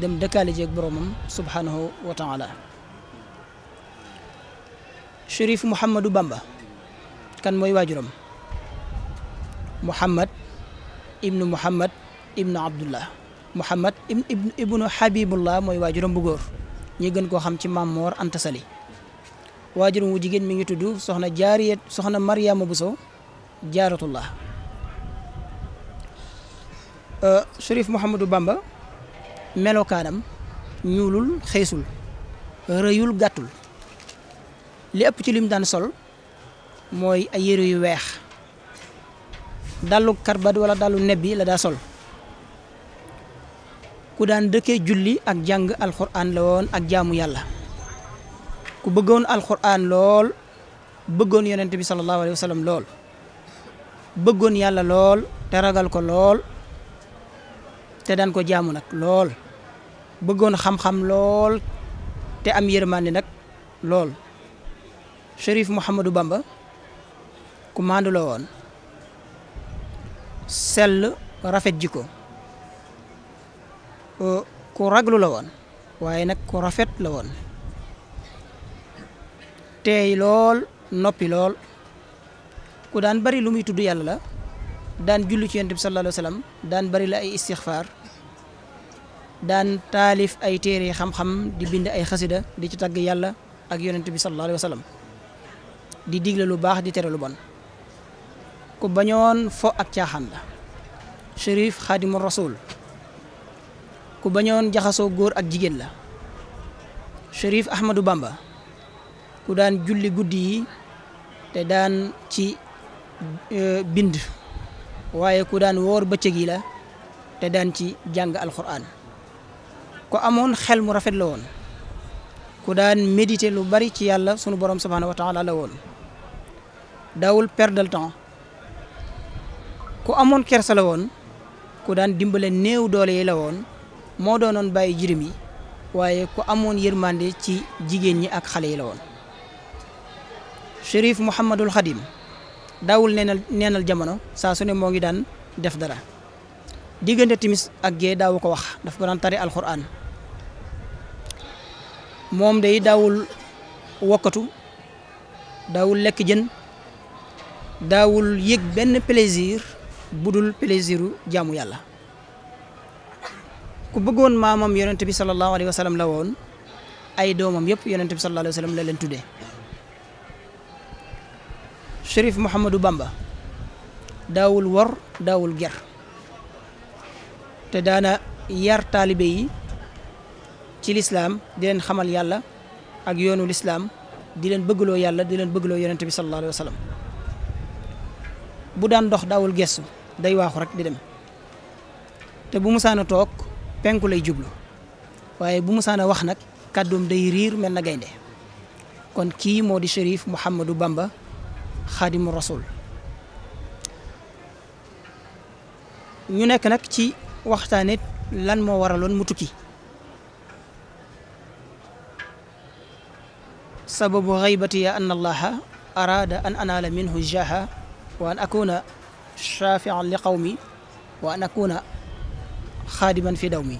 dem dëkkaale jeeg boroomam subhanahu wa taala Chérif Mouhamadou Bamba kan mooy waajuram Mouhamad ibnu Mouhamad ibnu Abdullah Mouhamad ibnu Habibullah mooy waajuram bu góor ñi gën koo xam ci Maam Moor Anta waajur wu jigéen mi ngi tudd soxna jaariyat soxna Mariama Bousso jaaratullah euh, Cherif Mouhamadou Bamba melokaanam ñuulul xeesul rëyul gàttul li ëpp ci lim daan sol mooy ay yére yu weex dallu karbat wala dallu nebbi la daa sol ku daan dëkkee julli ak jàng alxuraan la woon ak jaamu yàlla ku bëggoon alquran lool bëggoon yonent bi sallallahu alayhi lool bëggoon yàlla lool te ragal ko lool te daan ko jaamu nag lool bëggoon xam-xam lool te am yërmande nag lool Chérif Mouhamadou Bamba ku maandu la woon sell rafet jikko ku raglu la woon waaye nag ku rafet la woon teey lool noppi lool ku daan bari lu muy tudd yàlla la daan jullu ci yonent bi sallallahu alayhi daan bari la ay istixfaar daan taalif ay téere xam-xam di bind ay xasida di ci tagg yàlla ak yonent bi sallallahu alayhi wa sallam di digle lu baax di tere lu bon ku bañoon fo ak caaxaan la Chérif Xaadimu Rasul ku bañoon jaxasoo góor ak jigéen la Chérif Ahmadou Bamba ku daan julli guddi yi te daan ci e, bind waaye ku daan woor bëccëg yi la te daan ci jàng alxuraan ku amoon xel mu rafet la woon ku daan méditer lu bari ci yàlla sunu borom subhaanahu wa taala la woon daawul perdre le temps ku amoon kerse la woon ku daan dimbale néew doole yi la woon moo doonoon bàyyi jirim yi waaye ku amoon yërmande ci jigéen ñi ak xale yi la woon Chérif Mouhamadul Khadim daawul neenal neenal jamono saa su ne moo ngi daan def dara diggante timis ak gee daawu ko wax daf ko daan tari alxuraan moom day daawul wokkatu daawul lekk jën daawul yëg benn bu dul plaisiru jaamu yàlla ku bëggoon maamam yonent bi sallallahu alayhi wa sallam la woon ay doomam yëpp yonent bi sallallahu alayhi wa la leen tuddee Chérif Mouhamadou Bamba daawul wor daawul ger te daana yar taalibe yi ci lislaam di leen xamal yàlla ak yoonu lislaam di leen bëggloo yàlla di leen bëggloo yonente bi sallallahu alayhi wa bu daan dox daawul gestu day waaxu rek di dem te bu musaana toog penku lay jublu waaye bu musaana wax nag kàddoom day riir mel na gaynde kon kii moo di Chérif Mouhamadou Bamba xaadimu rasul ñu nekk nag ci waxtaane lan moo waraloon mu tukki sababu xaybati ya anna allaha araada an anaala minhu jaha wa an akuna shafian li qawmi wa an akuna xaadiman fi daw mi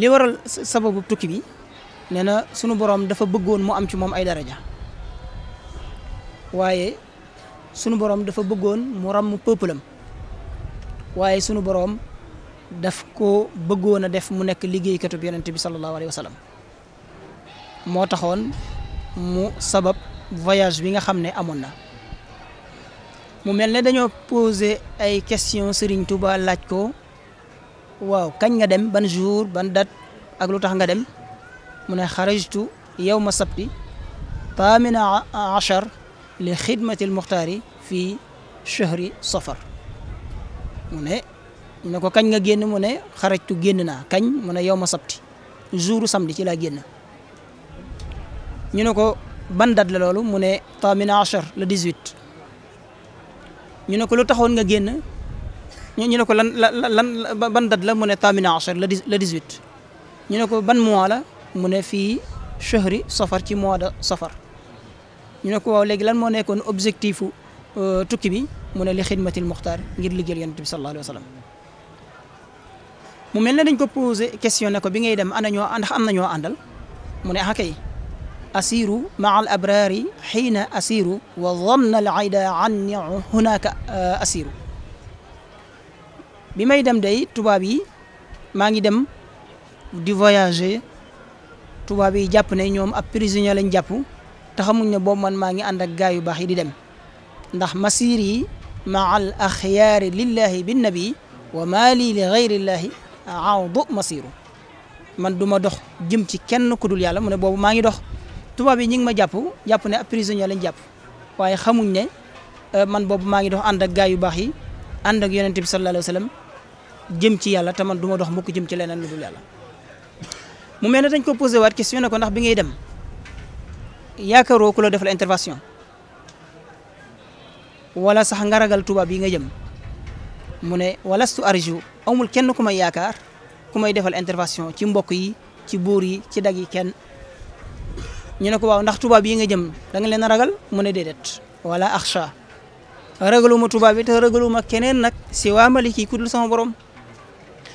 li waral sababu tukki bi ne na sunu boroom dafa bëggoon mu am ci moom ay daraja waaye sunu borom dafa bëggoon mu ràmm peuple am waaye sunu boroom daf ko bëggoon a def mu nekk liggéeykatu bi yonent bi sallallahu alayhi wa sallam moo taxoon mu sabab voyage bi nga xam ne amoon na mu mel ne dañoo pose ay question Serigne Touba laaj ko waaw kañ nga dem ban jour ban dat ak lu tax nga dem mu ne xarajtu yow ma sabti taamina achar li xidmatil muxtaari fii chahri safar mu ne ne ko kañ nga génn mu ne xarajtu génn naa kañ mu ne yow ma sabti jour samedi ci laa génn ñu ne ko ban date la loolu mu ne tamina achar le 18 ñu ne ko lu taxoon nga génn ñu ne ko lan lan ban date la mu ne tamina achar le 18 ñu ne ko ban mois la mu ne fii chahri safar ci mois de safar ñu ne ko waaw léegi lan moo nekkoon objectif euh, tukki bi mu ne li xidmatil muxtaar ngir liggéeyal yonent bi sallallahu alayhi wa sallam mu mel ne dañ ko posé question ne ko bi ngay dem ana ñoo ndax am na àndal mu ne ah kay asiru maa al abrari xiina asiru wa dhanna al ayda anni hunaka euh, asiru bi may dem day tubaab yi maa ngi dem di voyager tubaab yi jàpp ne ñoom ab prisonnier lañ jàpp te xamuñ ne boobu man maa ngi ànd ak gaay yu baax yi di dem ndax masiir yi maa al axyaari lillahi bin nabi wa maali li a awdu masiru man du ma dox jëm ci kenn ku dul yàlla mun ne boobu maa ngi dox tubaab yi ñi ngi ma jàpp jàpp ne ab prisonnier lañ jàpp waaye xamuñ ne euh, man boobu maa ngi dox ànd ak gaay yu baax yi ànd ak yonente bi sallallahu alayhi wa ci yàlla te man du ma dox mukk jëm ci leneen lu dul yàlla mu mel ne dañ ko posé waat question ne ko ndax bi ngay dem yaakaaroo ku la defal intervention wala sax nga ragal tubaab yi nga jëm mu ne walastu arju amul kenn ku may yaakaar ku may defal intervention ci mbokk yi ci buur yi ci dag yi kenn ñu ne ko waaw ndax tubaab yi nga jëm da nga leen a ragal mu ne déedéet wala axsha ragaluma tubaab yi te ragaluma keneen nag si waa maliki ku dul sama borom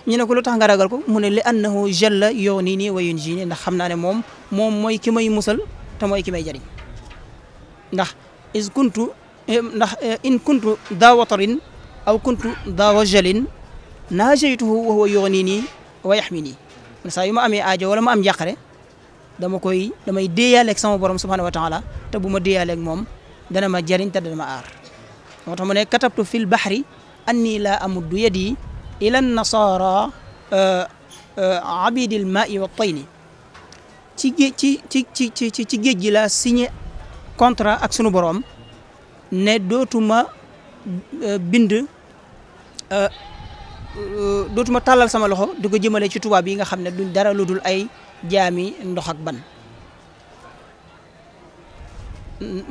ñu ne ko lu tax ragal ko mu ne li annahu jalla yow nii nii wayun jii nii ndax xam naa ne moom moom mooy ki may musal te mooy ki may jëriñ ndax is kuntu eh, eh, in kuntu daa watarin aw kuntu daa wajalin naajaytuhu wa huwa yughnini wa yahmini ni saa yu ma amee aajo wala ma am jàqare dama koy damay déeyaaleeg sama borom subhanahu wa taala te bu ma déeyaaleeg moom dana ma jëriñ te dana ma aar moo tax ne katabtu fil bahri anni laa amuddu yadi ila nasara eh, abidil maai wa ci géej ci ci ci ci ci géej gi laa signé contrat ak sunu boroom ne dootuma euh, bind euh, euh, dootuma tàllal sama loxo di ko jëmale ci tubaab yi nga xam ne duñ dara lu ay jaami ndox ak ban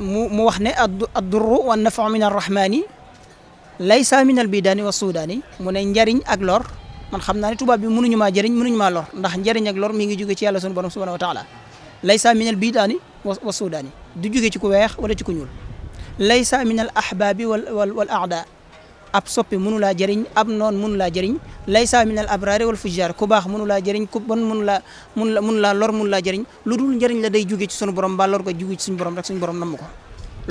mu mu wax ne addurru wa nafu min arrahmani laysa min albidaani wa suudaani mu ne njariñ ak lor man xam naa ne tubaab bi mënuñu maa jëriñ mënuñu maa lor ndax njëriñ ak lor mi ngi jóge ci yàlla sunu borom subhanahu wa taala laysa minal bidaani wa sudaani du jóge ci ko weex wala ci ku ñuul laysa minal ahbaabi wal wal aada ab soppi mënu laa jariñ ab noon mënu laa jëriñ laysa minal abraari wal fujjaar ku baax mënu laa jëriñ ku bon mënu laa mënu la mënu laa lor munu laa jariñ lu dul njëriñ la day jóge ci sunu borom ba lor ko jóge ci suñu borom rek suñu borom namm ko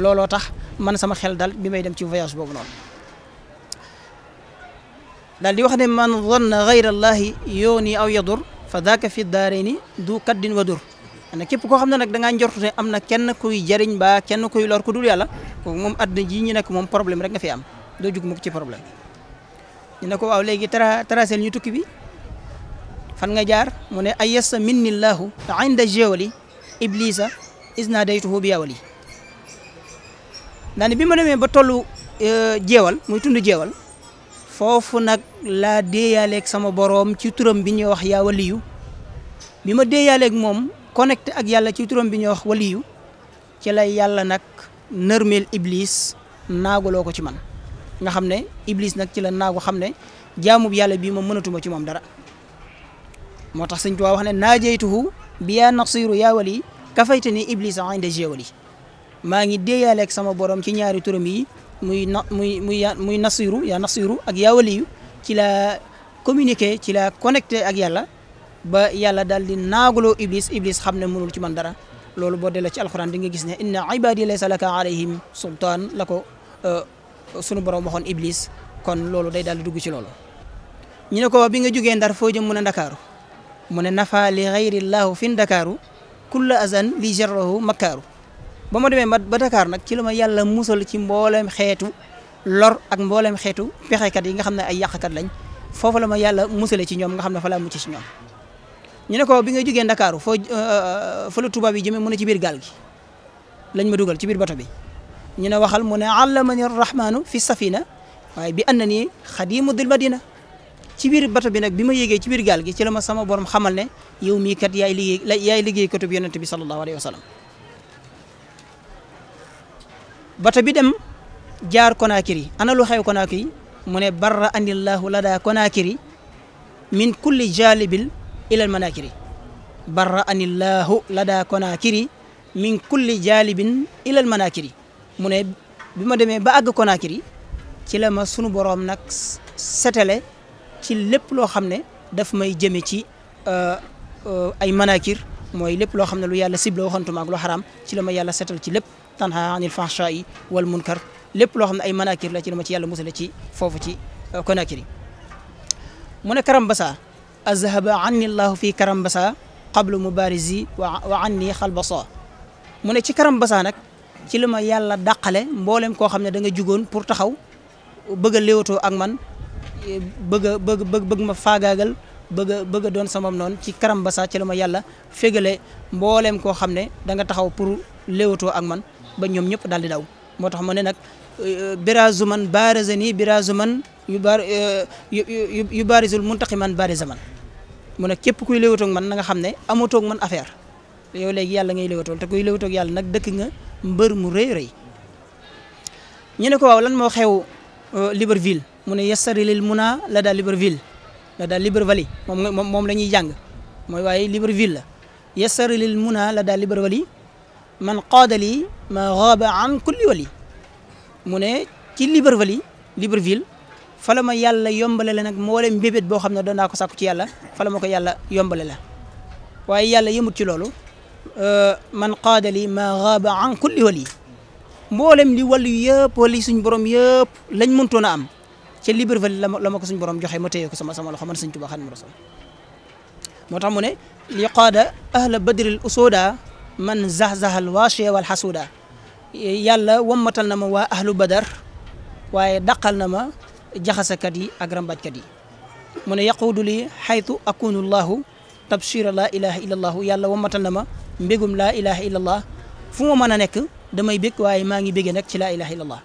looloo tax man sama xel dal bi may dem ci voyage boobu noonu daal di wax ne man zanna gayra allahi yoon yi aw yadur fa daaka fi daarayni du kaddin wa dur ana képp koo xam ne nag da ngaa njortu ne am na kenn kuy jariñ ba kenn kuy lor ku dul yàlla kooku moom àdduna ji ñu nekk moom problème rek nga fi am doo jug mukk ci problème ñu ne ko waaw léegi tra tracé ñu tukki bi fan nga jaar mu ne ay yassa minni llahu inda jeewali iblisa isna daytuhu bi li daani bi ma demee ba tollu euh, jeewal muy tund jeewal foofu nag laa déeyaaleeg sama boroom ci turam bi ñuy wax yaa waliyu bi ma déeyaaleeg moom connecté ak yàlla ci turam bi ñuy wax waliyu ci lay yàlla nag nërmeel iblis naaguloo ko ci man nga xam ne iblis nag ci la naagu xam ne jaamub yàlla bii moom mënatuma ci moom dara moo tax sëñ Tuubaa wax ne naajeytuhu bi yaa nasiru yaa wali kafayta ni iblis inda jéewali maa ngi déeyaaleeg sama borom ci ñaari turam yi muy na muy muy muy nasiru yaa nasiru ak yaa waliyu ci la communiqué ci la connecté ak yàlla ba yàlla daal di naaguloo iblis iblis xam ne mënul ci man dara loolu boo delloo ci alxuraan di nga gis ne inna ibadi laysa laka alayhim sultaan la ko euh, sunu borom iblis kon loolu day daal di dugg ci loolu ñu ne ko bi nga jógee ndar foo jëm mu ne ndakaaru mu ne nafa li xayri llahu fi ndakaaru kulla azan li jarrahu makkaaru ba ma demee ba dakaar nag ci la ma yàlla musal ci mbooleem xeetu lor ak mbooleem xeetu pexekat yi nga xam ne ay yàqkat lañ foofu la ma yàlla musale ci ñoom nga xam ne fa laa mucc ci ñoom ñu ne ko bi nga jógee Ndakaaru foo euh, euh, fa la tubaab yi jëmee mu ne ci biir gaal gi lañ ma dugal ci biir bato bi ñu ne waxal mu ne allamani rahmanu fi safina waaye bi ànd na nii xadimu dil madina ci biir bato bi nag bi ma yéegee ci biir gaal gi ci la ma sama borom xamal ne yow mii kat yaay liggéey yaay liggéey katub bi sallallahu alayhi wa sallam bata bi dem jaar Conakry ana lu xew Conakry mu ne barra anillahu lada Conakry min kulli jalibil ilal manakiri barra anillahu lada Conakry min kulli jalibin ilal manakiri mu ne bi ma demee ba àgg Conakry ci la ma sunu boroom nag setale ci lépp loo xam ne dafa may jëme ci euh, euh, ay manakir mooy lépp loo xam ne lu yàlla ciblé waxantuma ak lu xaraam ci la ma yàlla setal ci lépp tanha anil fahshaa'i wal munkar lépp loo xam ne ay manaakir la ci dama ci yàlla musal ci foofu ci euh, Conakry mu ne Karambasa azhaba anni llahu fi Karambasa qablu mubaarizi wa anni xalbasa mu ne ci Karambasa nag ci li ma yàlla dàqale mboolem koo xam ne da nga pour taxaw bëgg ak man bëgg ma faagaagal bëgg bëgg doon sama noonu ci Karambasa ci la ma yàlla fégale mboolem koo xam ne danga nga taxaw pour léewatoo ak man ba ñoom ñëpp daal di daw moo tax mu ne nag euh, biraazu man baaraza nii biraazu man yu baar euh, yu baarizul muntaqi man baariza man mu ne képp kuy léewatoog man na nga xam ne amatoog man affaire yow léegi yàlla ngay léewatool te kuy léewatoog yàlla nag dëkk nga mbër mu rëy rëy ñu ne ko waaw lan moo xew euh, Libreville mu ne yasari lil muna la daal Libreville la daal Libre Vallée moom moom la ñuy jàng mooy waaye Libreville la yasari lil muna la daal Libre Vallée man qaadali ma xaaba an kulli wali mu ne ci Libreville Libreville fala ma yàlla yombale la nag moo leen mbébét boo xam ne doon naa ko sàkku ci yàlla fala ma ko yàlla yombale la waaye yàlla yëmut ci loolu euh, man lii ma xaaba an kulli wali mboolem li wàllu yëpp wali suñ borom yëpp lañ mun a am ca Libreville la ma ko suñ borom joxe ma téye ko sama sama loxo man Sëñ Tuubaa moo tax mu li qaada ahla badril usooda man zahzahal waashiya wal xasuuda yàlla wammatal na ma waa ahlu badar waaye daqal na ma jaxasakat yi ak rambajkat yi mu ne yaquudu li xaytu akunu llahu tabshira laa ilaha illa allahu yàlla wammatal na ma mbégum laa ilaha illa allah ma mën a nekk damay bég waaye maa ngi béggee nag ci laa ilaha illa allah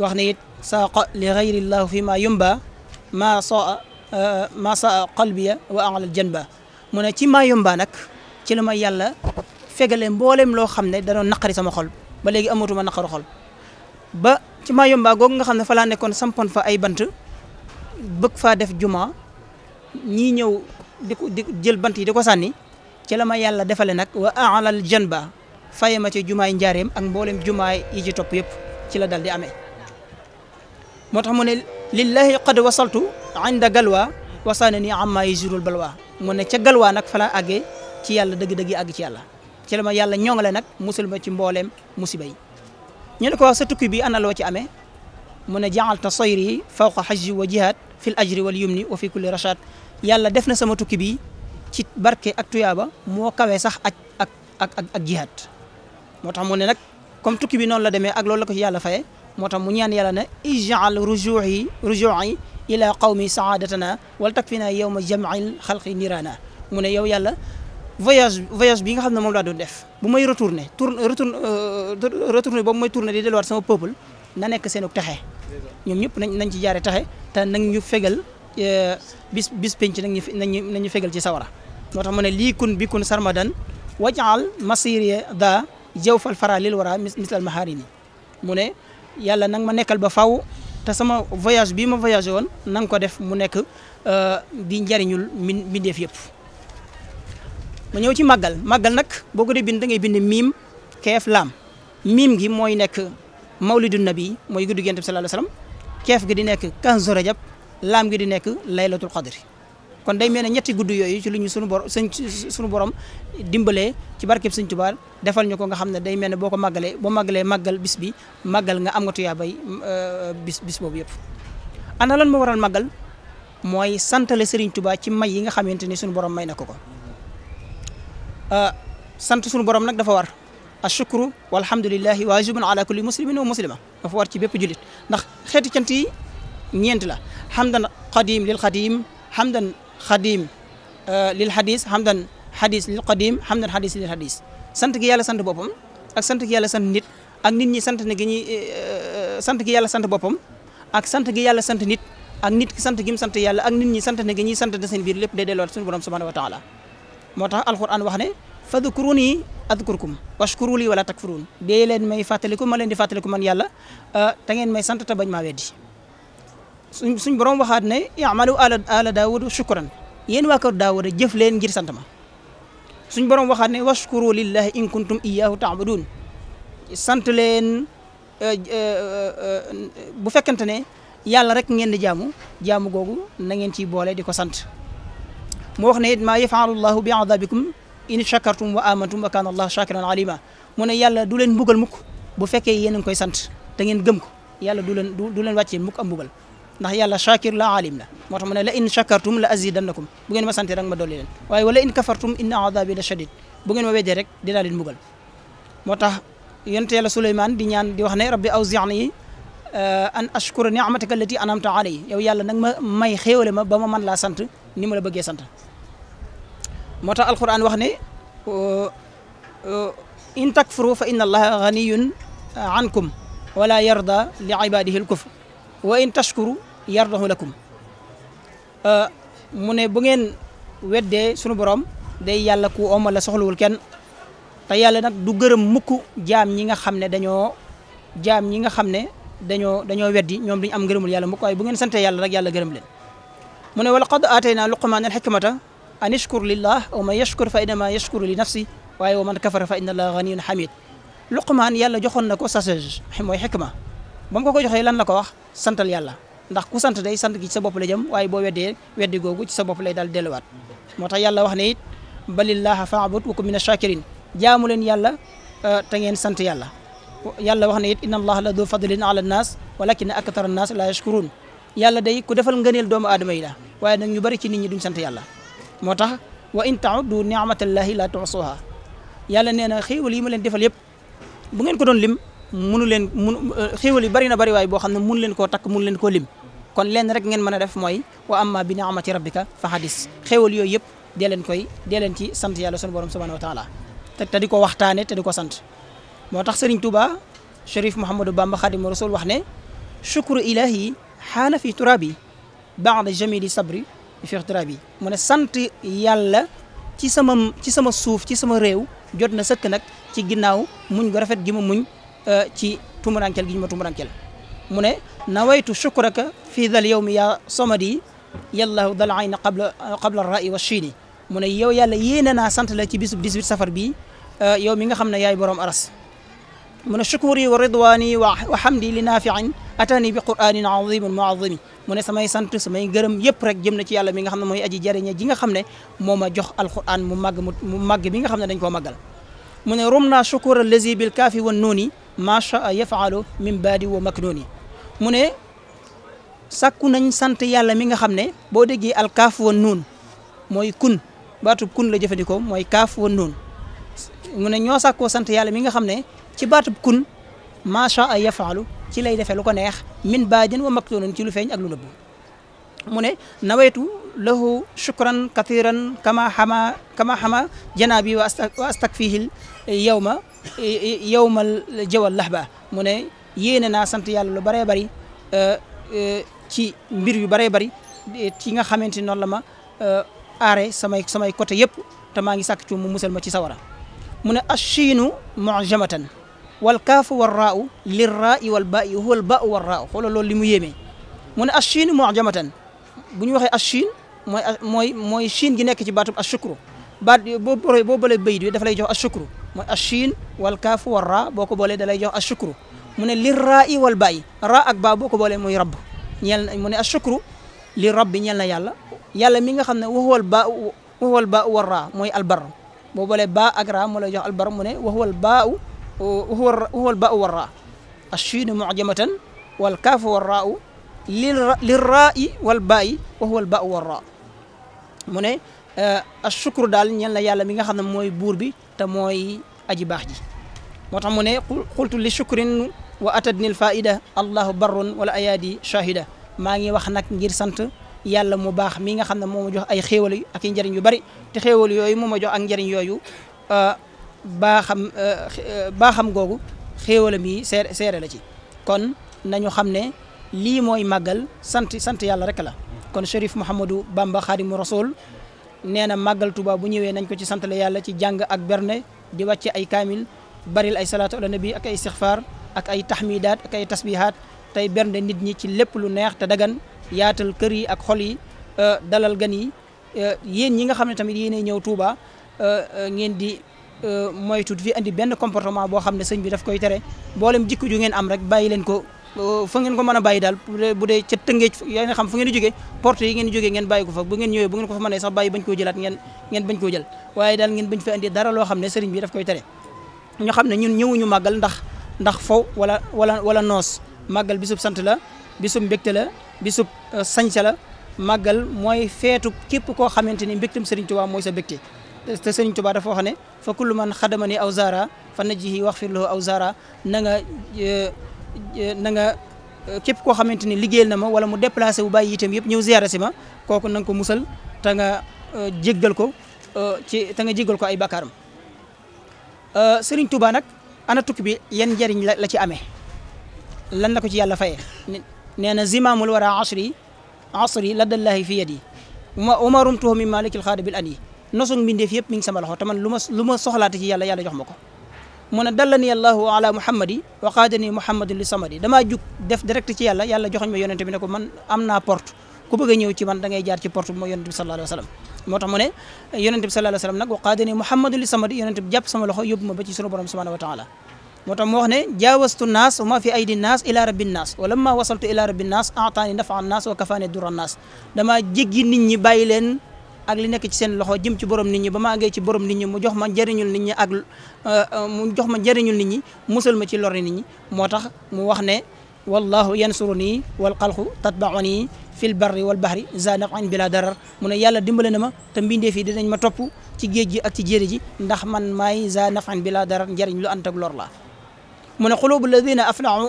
wax ne it saaqa li gayri llahu fi maa yumba maa saa maa wa alal janba mu ci maa yumba nag ci la ma yàlla fegale mbooleem loo xam ne danoon naqari sama xol ba léegi amatuma naqaru xol ba ci Mayumba googu nga xam ne falaa laa nekkoon sampoon fa ay bant bëgg faa def jumaa ñii ñëw di ko jël bant yi di ko sànni ci la ma yàlla defale nag wa alal janba faye ma ci jumaay njaareem ak mbooleem jumaay yi ci topp yëpp ci la dal di amee moo tax mu ne lillahi qad wasaltu inda galwa wasaane ni amma yuzurul balwa mu ne ca galwa nag falaa laa àggee ci yàlla dëgg-dëgg àgg ci yàlla ci la ma yàlla ñoŋale nag musul ma ci mbooleem musiba yi ñu ne ko sa tukki bi ana loo ci amee mu ne jaalta sayri fawqa hajji wa jihaad fi ajri wal yumni wa fi kulli rashad yàlla def na sama tukki bi ci barke ak tuyaaba moo kawee sax ak ak ak ak moo tax mu ne nag comme tukki bi noonu la demee ak loolu la ko ci yàlla faye moo tax mu ñaan yàlla ne ijaal rujuuhi rujuuhi ila qawmi saadatana wal takfina yawma jamil xalqi nirana mu ne yow yàlla voyage voyage bi nga xam ne moom laa doon def bu may retourné tour euh, retourné retourné boobu may tourné di delluwaat sama peuple na nekk seen ko texe ñoom ñëpp nañ nañ ci jaare taxe te nañ ñu fegal euh, bis bis penc nañ ñu nañ ñu fegal ci sawara moo tax mu ne lii kun bi kun sarmadan wajaal masiriye da jew fal fara lil wara mislal maharini mu ne yàlla nang ma nekkal ba faw te sama voyage bii ma voyagé woon nang ko def mu nekk euh, di njariñul min mbindeef yëpp ma ñëw ci màggal màggal nag boo ko dee bind da ngay bind miim keef laam miim gi mooy nekk mawlidu nabi mooy guddi Yonent bi sallallahu alayhi keef gi di nekk kanzu rajab laam gi di nekk laylatul qadri kon day mel ne ñetti gudd yooyu ci lu ñu sunu borom sunu borom dimbalee ci barkeb Sëñ Tuubaa defal ñu ko nga xam ne day mel ne boo ko màggalee boo màggalee màggal bis bi màggal nga am nga tuyaabay euh, bis bis boobu yëpp. ana lan moo waral màggal mooy santale Sëriñ Tuubaa ci may yi nga xamante ni sunu borom may na ko ko. Euh, sant suñu borom nag dafa war ashukru walhamdulillahi waajibun ala kulli muslimin wa muslima dafa war ci bépp jullit ndax xeeti cant yi ñeent la hamdan qadim lil qadim hamdan qadim euh, lil hadis hamdan hadis lil qadim hamdan hadis lil hadis sant gi yàlla sant boppam ak sant gi yàlla sant nit ak nit ñi sant na gi ñuy euh, sant gi yàlla sant boppam ak sant gi yàlla sant nit ak nit ki sant gi mu sant yàlla ak nit ñi sant na gi ñuy sant da seen biir lépp day delluwaat suñu borom subhanahu wa taala moo tax alxuraan wax ne fadkuruni adkurkum washkuru li wala takfurun dee leen may fàttaliku ma leen di fàttaliku man yàlla euh, te ngeen may sant te bañ maa weddi suñ borom waxaat ne i'malu ala ala daawud shukran yéen waa kër daawuda jëf leen ngir sant ma suñ borom waxaat ne washkuru lillahi in kuntum iyyahu ta'budun sant leen euh, euh, bu fekkente ne yàlla rek ngeen di jaamu jaamu googu na ngeen ciy boole di ko sant moo wax ne it maa yafalu llahu bi adabikum in shakartum wa amantum wa kana allah shakiran alima mu ne yàlla du mbugal mukk bu fekkee yéen a koy sant te ngeen gëm ko yàlla du leen du leen wàccee mukk am mbugal ndax yàlla shakir la alim la moo tax mu ne la in shakartum la azidannakum bu ngeen ma sante rek ma dolli leen waaye wala in kafartum inna adabi la shadid bu ngeen ma weddee rek dinaa leen mbugal moo tax yonent yàlla Suleymaan di ñaan di wax ne rabbi awzi'ni eh, an ashkura ni'mataka allati an'amta alayya yow yàlla nag ma may xéewale ma ba ma mën laa sant ni ma la bëggee sant moo tax alquran wax ne in takfuru fa inna allaha ganiyun ankum wala yarda li ibadihi alkufr wa in tashkuru yardahu lakum mu ne bu ngeen weddee sunu borom day yàlla ku omal la soxlawul kenn te yàlla nag du gërëm mukk jaam ñi nga xam ne dañoo jaam ñi nga xam ne dañoo dañoo weddi ñoom duñu am ngërëmul yàlla mukk waaye bu ngeen sante yàlla rek yàlla gërëm leen mu ne wala qad aataynaa luqmaana alxikmata an ishkur lillah wa man yashkur fa innama waaye wa man fa inna allaha ganiyun hamid luqmaan yàlla joxoon na ko sasage mooy xikma ba mu ko ko joxee lan la ko wax santal yàlla ndax ku sant day sant gi sa bopp la jëm waaye boo weddee weddi googu ci sa bopp lay daal delluwaat moo tax yàlla wax ne it balillaaha faabud wa kun mina shakirin jaamu leen yàlla euh, te ngeen sant yàlla yàlla wax ne it inna allaha la du fadlin ala nnaas walakin akthara nnaas la yashkurun yàlla day ku defal ngëneel doomu aadama yi la waaye nag ci nit ñi duñ sant yàlla moo tax wa in tauddu niamatallahi la tuxsuha yàlla nee na xéewal yi ma leen defal yëpp bu ngeen ko doon lim munu leen munu euh, xéewal yi bari na bari waay boo xam ne munu leen koo takk munu leen koo lim kon leen rek ngeen mën a def mooy wa amma bi niamati rabbika fa hadis xéewal yooyu yëpp dee leen koy dee leen ci sant yàlla sunu borom subhanahu wa ta te te di ko waxtaane te di ko sant moo tax Serigne Touba Cherif Mouhamadou Bamba Khadimu Rasul wax ne chukru ilahi xaana fi turabi baada jamili sabri Cheikh Drabi mu ne sant yàlla ci sama ci sama suuf ci sama réew jot na sëkk nag ci ginnaaw muñ gu rafet gi ma muñ euh, ci tumurankel gi ñu ma tumurankel mu ne nawaytu shukraka fi dal yow mi yaa somadi yàllahu dal ayna qabla qabla rai wa chiini mu ne yow yàlla yéene naa sant la ci bisub 18 safar bii euh, yow mi nga xam ne yaay borom aras mu ne shukuri wa ridwani wa hamdi li naafiin atani bi quranin azimin muazimi mu ne samay sant samay gërëm yëpp rek jëm na ci yàlla mi nga xam ne mooy aji jariñe ji nga xam ne moo ma jox alquran mu màgg mu màgg bi nga xam ne dañ koo màggal mu ne rum naa shukura lazi bil kaafi wa nuuni maa shaa yafaalu min baadi wa maknuuni mu ne sàkku nañ sant yàlla mi nga xam ne boo déggee alkaaf wa nuun mooy kun baatub kun la jëfandikoo mooy kaaf wa nuun mu ne ñoo sàkkoo sant yàlla mi nga xam ne ci baatub kun macha ay yafaalu ci lay defee lu ko neex min baadin wa maktuunan ci lu feeñ ak lu nëbbu mu ne nawaytu lahu shukran kathiran kama xama kama xama janaabi wa astakfihil yawma yawmal jawal lahba mu ne yéene naa sant yàlla lu bari bëri euh, euh, ci mbir yu bari bëri ci nga xamante noonu la ma euh, aare samay samay côté yëpp te maa ngi sàkk ci mu musal ma ci sawara mu ne achiinu mojamatan wal kaafu war raau lir raai wal baai huwal baau war raau xoolal loolu li mu yéemee mu ne achiinu mojamatan bu ñu waxee achiin mooy mooy mooy chiin gi nekk ci baatub achukru baat boo boolee boo boolee bayit lay jox achukru mooy achiin wal kaafu war raa boo ko boolee da lay jox achukru mu ne lir raai wal baai raa ak baa boo ko boolee mooy rabb ñeel na mu ne achukru li rabbi ñeel na yàlla yàlla mi nga xam ne waxuwal baa waxuwal baa war raa mooy albar boo boolee baa ak raa moo lay baa u waxuwal baa u war raa ashiinu kaafu war raa lil raa i baa i raa mu ne ashukru eh, daal ñeen la yàlla mi nga xam ne mooy buur bi te mooy aji baax ji moo tax mu ne qultu li shukrin wa atadni allahu barrun wala ayaadi shahida maa ngi wax nag ngir sant yàlla mu baax mii nga xam ne moo ma jox ay xéewal ak i njariñ yu bari te yooyu moo jox ak njëriñ yooyu euh, baaxam euh, baaxam googu xéewalam yi seere la ci kon nañu xam ne lii mooy màggal sant sant yàlla rek la kon Chérif Mouhamadou Bamba Khadimu Rasoul nee na màggal Tuuba bu ñëwee nañ ko ci sant la yàlla ci jàng ak berne di wàcce ay kaamil baril ay salaatu ala ak ay istixfaar ak ay taxmidaat ak ay tasbihaat tey bernde nit ñi ci lépp lu neex te dagan yaatal kër yi ak xol yi euh, dalal gan yi euh, yéen ñi nga xam ne tamit yéenay ñëw Touba euh, ngeen di moytu fi andi benn comportement boo xam ne sëñ bi daf koy tere mboolem jikko ju ngeen am rek bàyyi ko fa ngeen ko mën a bàyyi daal bu dee ca tëngeej yaa nga xam ngeen di jógee yi ngeen di jógee ngeen bàyyi ko fa bu ngeen ñëwee bu ngeen ko fa mënee sax bàyyi bañ koo jëlaat ngeen ngeen bañ koo loo xam ne sëriñ bi daf koy tere ñu xam ne ñun ñëwuñu màggal ndax ndax faw wala wala wala noos màggal bisub sant la bisub mbégte la bisub euh, sañse la màggal mooy feetu képp koo xamante ni mbégtam Serigne Touba mooy sa mbégte te Serigne Touba dafa wax ne fa kullu man xadama ni aw zara fa najjihi waxfir lahu aw sara na nga euh, euh, na nga képp koo xamante ni liggéeyal na ma wala mu déplacé wu bàyyi itam yëpp ñëw ziyaara si ma kooku na nga ko musal te nga jéggal ko ci te nga jéggal ko ay bakkaaram Serigne Touba nag ana tukki bi yan njariñ la la ci amee lan la ko ci yàlla fayee nee na zimaamul wara asri asri ladallaahi fi yadi ma umarumtuhu min malikil xaada bil an yi nosug mbindeef yëpp mi ngi sama loxo te man lu ma lu ma soxlaate ci yàlla yàlla jox ma ko mu ne dallani ala muhammadi wa qaadani muhammadin li samadi damaa jug def direct ci yàlla yàlla joxoñ ma yonente bi ne ko man am naa porte ku a ñëw ci man da ngay jaar ci porte bu ma yonente bi sallallahu alayhi wa sallam moo tax bi sallallahu alayhi wa sallam ma ba ci sunu borom subhanahu moo tax moo wax ne jaawastu naas wa ma fi aydi naas ila rabbi naas wa lamma wasaltu ila rabbi naas ataani nafa naas wa kafaani dura naas dama jéggi nit ñi bàyyi leen ak li nekk ci seen loxo jëm ci borom nit ñi ba ma àggee ci borom nit ñi mu jox ma njëriñul nit ñi ak euh, mu jox ma njëriñul nit ñi musal ma ci lori nit ñi moo tax mu wax ne wallahu yansuruni wal xalqu tatbauni fil barri wal bahri za nafan bila darar mu ne yàlla dimbale na ma te mbindee fii dinañ ma topp ci géej gi ak ci jéeri ji ndax man maay za nafan bila darar njëriñ lu ànd ak mu ne xulubu alladina aflahu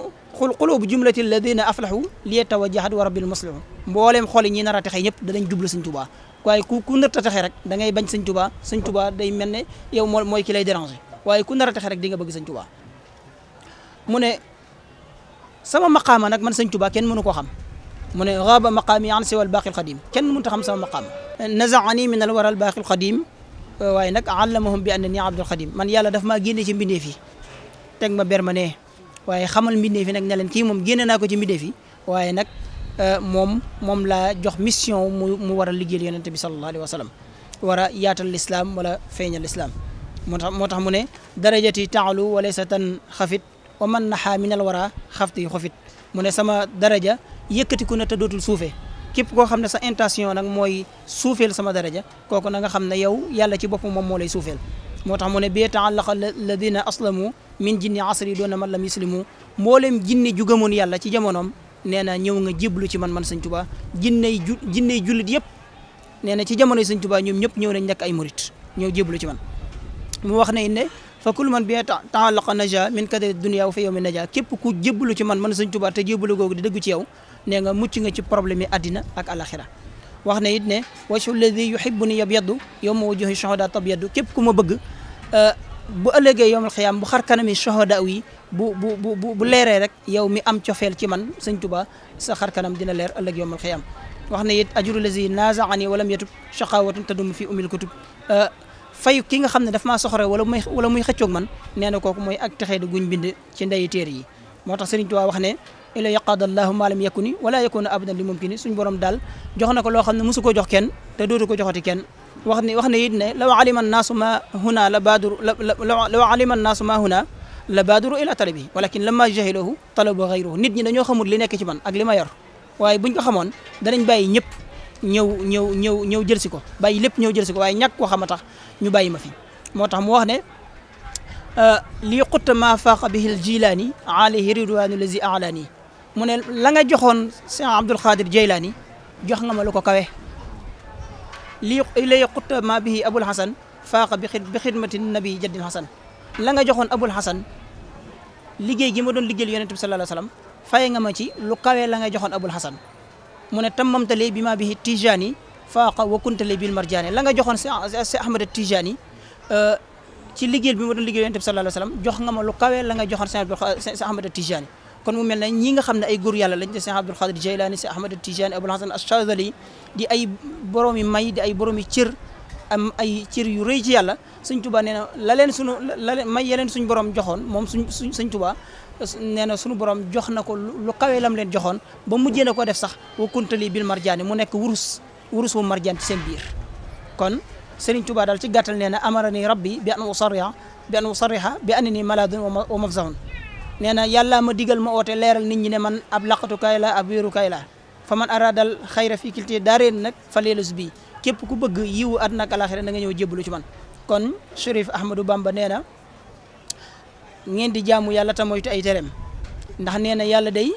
xulubu jumlati alladina aflahu liyatawajjahat wa rabbil muslimun mbooleem xooli ñi nar a texe ñëpp danañ jublu sëñ Tuubaa waaye ku ku nar a texe rek dangay bañ sëñ Tuubaa sëñ Tuubaa mel ne yow moo mooy ki lay waaye ku nar a rek di nga bëgg sëñ Tuubaa mu ne sama maqaama nag man sëñ Tuubaa kenn mënu ko xam mu ne raaba maqaami an siwal baaqil xadim kenn mënut a xam sama maqaama nazaani min al waral baaqil xadim waaye nag allamahum bi annani abdul xadim man yàlla daf maa génne ci mbindeef teg ma ber ma nee waaye xamal mbindeef yi nag ne leen kii moom génne naa ko ci mbindeef waaye nag euh, moom moom laa jox mission mu mu war a liggéeyal yonente bi sallallahu alayhi wa sallam war a yaatal lislaam wala feeñal lislaam moo tax moo tax mu ne darajati taalu sa tan xafit wa man naxaa minal wara xafti xofit mu ne sama daraja ku na te dootul suufee képp koo xam ne sa intention nag mooy suufeel sama daraja kooku na nga xam ne yow yàlla ci boppam moom moo lay suufeel moo tax mu ne bee taallaqa alladina aslamu min jinni asri doona man lam yuslimu mboolem jinne ju gëmoon yàlla ci jamonoom nee na ñëw nga jéblu ci man man sëñ Tuubaa jinney ju jinney jullit yëpp nee na ci jamonoy sëñ Tuubaa ñoom ñëpp ñëw nañ nekk ay murit ñëw jéblu ci man mu wax ne ne fa kul man bee taallaqa naja min kadari dunia wa fa yawmi naja képp ku jéblu ci man man sëñ Tuubaa te jéblu googu di dëgg ci yow nee nga mucc nga ci problème yi àddina ak alaxira wax ne it ne waccu alladi yuhibbu ni yabyaddu yow ma wajjohi shohoda tabyaddu képp ku ma bëgg Euh, bu ëllëgee yomul xiyaam bu xar kanami soxoda yi bu bu bu bu leeree rek yow mi am cofeel ci man sëñ Tuba sa xar kanam dina leer ëllëg yomul xiyaam wax ne it ajuru lazi naazaani walam yatub ta tadum fi umil kutub euh, fayu ki nga xam ne daf maa soxore wala muy wala muy xëccoog man nee na kooku mooy ak texe di guñ bind ci ndeyi téer yi moo tax sëriñ Tuubaa wax ne ila yaqadallahu ma lam yakuni wala yakuna abadan li mumkini suñ borom daal jox na ko loo xam ne mosu ko jox kenn te dootu ko joxati kenn wax ni wax ne it ne law alima annaasu ma huna la baaduru law alima annaasu ma huna la baaduru ila talabihi walakin lamma jahiluhu talabu ghayruhu nit ñi dañoo xamul li nekk ci man ak li ma yor waaye buñ ko xamoon danañ bàyyi ñëpp ñëw ñëw ñëw ñëw jël si ko bàyyi lépp ñëw jël si ko waaye ñàkk koo xam a tax ñu bàyyi ma fi moo tax mu wax ne euh, lii xutta ma faaqa bihi l jilaani alayhi ridwanu lazi alaani mu ne la nga joxoon Cheikh Abdul Xaadir Jeylaani jox nga ma lu ko kawe lii ilay xutta ma bihi abul hasan faaqa bi bi xidmati nabi jaddil hasan la nga joxoon abul hasan liggéey gi ma doon liggéey yonent bi sallallahu alayhi wasallam faye nga ma ci lu kawee la nga joxoon abul hasan mu ne tammamtale bi ma bihi tijani faaqa wa kuntale bil marjaani la nga joxoon si ahmad tijani euh, ci liggéeyal bi ma doon liggéeyal yonent bi sallallahu alayhi wasallam jox nga ma lu kawee la nga joxoon si ahmad tijani kon mu mel nañ ñii nga xam ne ay góor yàlla lañ te Cheikh Abdul Xaadir Jaylaani Cheikh Ahmad Tijaani Abul Hasan ash di ay boroomi may di ay boroomi cër am ay cër yu rëy ci yàlla Sëñ Tuubaa nee na la leen la may yeleen suñu borom joxoon moom suñ suñ Sëñ Tuubaa nee na sunu borom jox na ko lu kawee lam leen joxoon ba mujjee na ko def sax wa kuntali bil marjaani mu nekk wurus wurus wu marjaan ci seen biir kon Sëriñ Tuubaa daal ci gàttal nee na amara ni rabbi bi an usarriha bi an usarriha bi anni maladun wa mafzahun nee na yàlla ma digal ma oote leeral nit ñi ne man ab laqatukaay la ab wéerukaay la fa man aradal xayra fi kilté daareen nag fa leelus bi képp ku bëgg yiwu àddina ak alaxira na nga ñëw jébbalu ci man kon Chérif Ahmadou Bamba nee na ngeen di jaamu yàlla ta moytu ay tereem ndax nee na yàlla day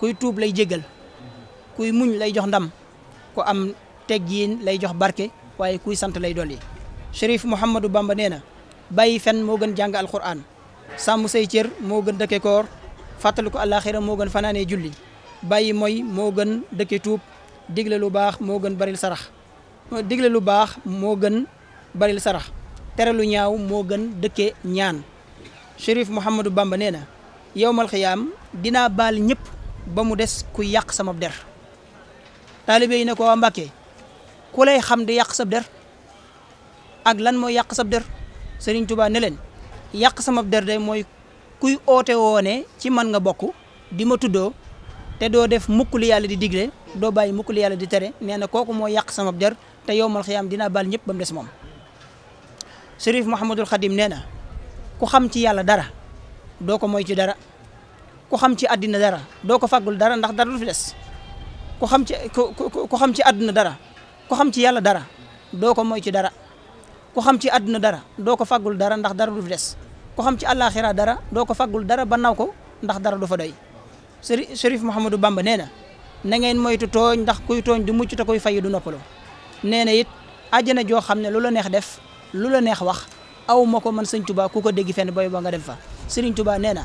kuy tuub lay jégal kuy muñ lay jox ndam ku am teggiin lay jox barke waaye kuy sant lay dolli Chérif Mouhamadou Bamba nee na bàyyi fen moo gën jàng alquran sàmm say cër moo gën dëkke koor fàttali ko àllaaxira moo gën fanaanee julli bàyyi mooy moo gën dëkke tuub digle lu baax moo gën baril sarax digle lu baax moo gën baril sarax tere lu ñaaw moo gën dëkke ñaan Chérif Mouhamadou Bamba nee na yowmal xiyaam dinaa baal ñëpp ba mu des ku yàq sama der taalibe yi ne ko waa Mbàkke ku xam di yàq sab der ak lan mooy yàq sab der Sëriñ Tuubaa ne yàq sama der day mooy kuy oote woone ci man nga bokk di ma tuddoo te doo def mukk li di digle doo bàyyi mukk li yàlla di tere nee na kooku mooy yàq sama der te yow yowmal xiyaam dina baal ñëpp ba mu des moom Sërif Mouhamadul Xadim nee na ku xam ci yàlla dara doo ko moy ci dara koo xam ci àddina dara doo ko fàggul dara ndax dara fi des ku xam ci ku xam ci àdduna dara ku xam ci yàlla dara doo ko moy ci dara koo xam ci àdduna dara doo ko fàggul dara ndax dara du fi des ku xam ci àllaaxira dara doo ko faggul dara ba naw ko ndax dara du fa doy sëri Sërif Mouhamadou Bamba nee na na ngeen moytu tooñ ndax kuy tooñ du mucc ta koy fay du noppaloo nee na it àjjana joo xam ne lu la neex def lu la neex wax aw ma ko man sëñ Touba ku ko dégg fenn booy ba nga dem fa Sëriñ Touba nee na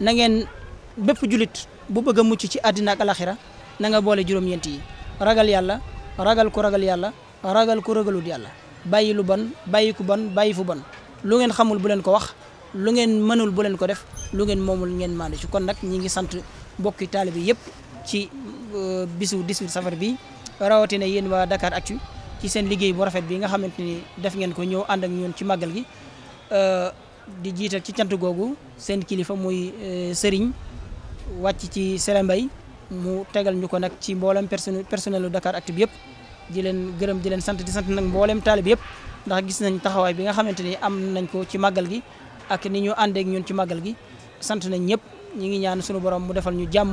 na ngeen bépp julit bu bëgg a mucc ci àddina ak alaxira nanga boole juróom-ñeent yi ragal yàlla ragal ku ragal yàlla ragal ku ragalut yàlla bàyyi lu bon bàyyi ku bon bàyyi fu bon lu ngeen xamul bu leen ko wax lu ngeen mënul bu leen ko def lu ngeen moomul ngeen maandu ci kon nag ñi ngi sant mbokki taalibe yëpp ci euh, bisu 18 safar bi rawatina yéen waa Dakar Actu ci seen liggéey bu rafet bi nga xamante ni def ngeen ko ñëw ànd ak ñoon ci màggal gi euh, di jiital ci cant googu seen kilifa muy euh, sëriñ wàcc ci Sëriñ Mbay mu tegal ñu ko nag ci mboolem personnel personnelu Dakar Actu bi yëpp di leen gërëm di leen sant di sant nag mboolem taalibe yëpp ndax gis nañ taxawaay bi nga xamante ni am nañ ko ci màggal gi ak ni ñu àndeek ñun ci màggal gi sant nañ ñëpp ñi ngi ñaan sunu borom mu defal ñu jàmm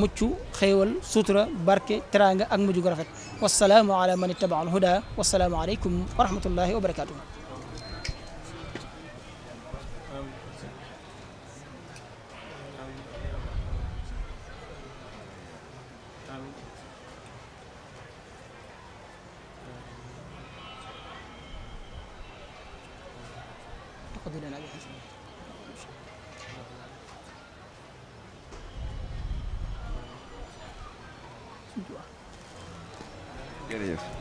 mucc xéewal sutura barke teraanga ak mujj gu rafet wasalaamu ala man ittaba al huda wasalaamu aleykum wa rahmatullahi wa barakatuh jërëjëf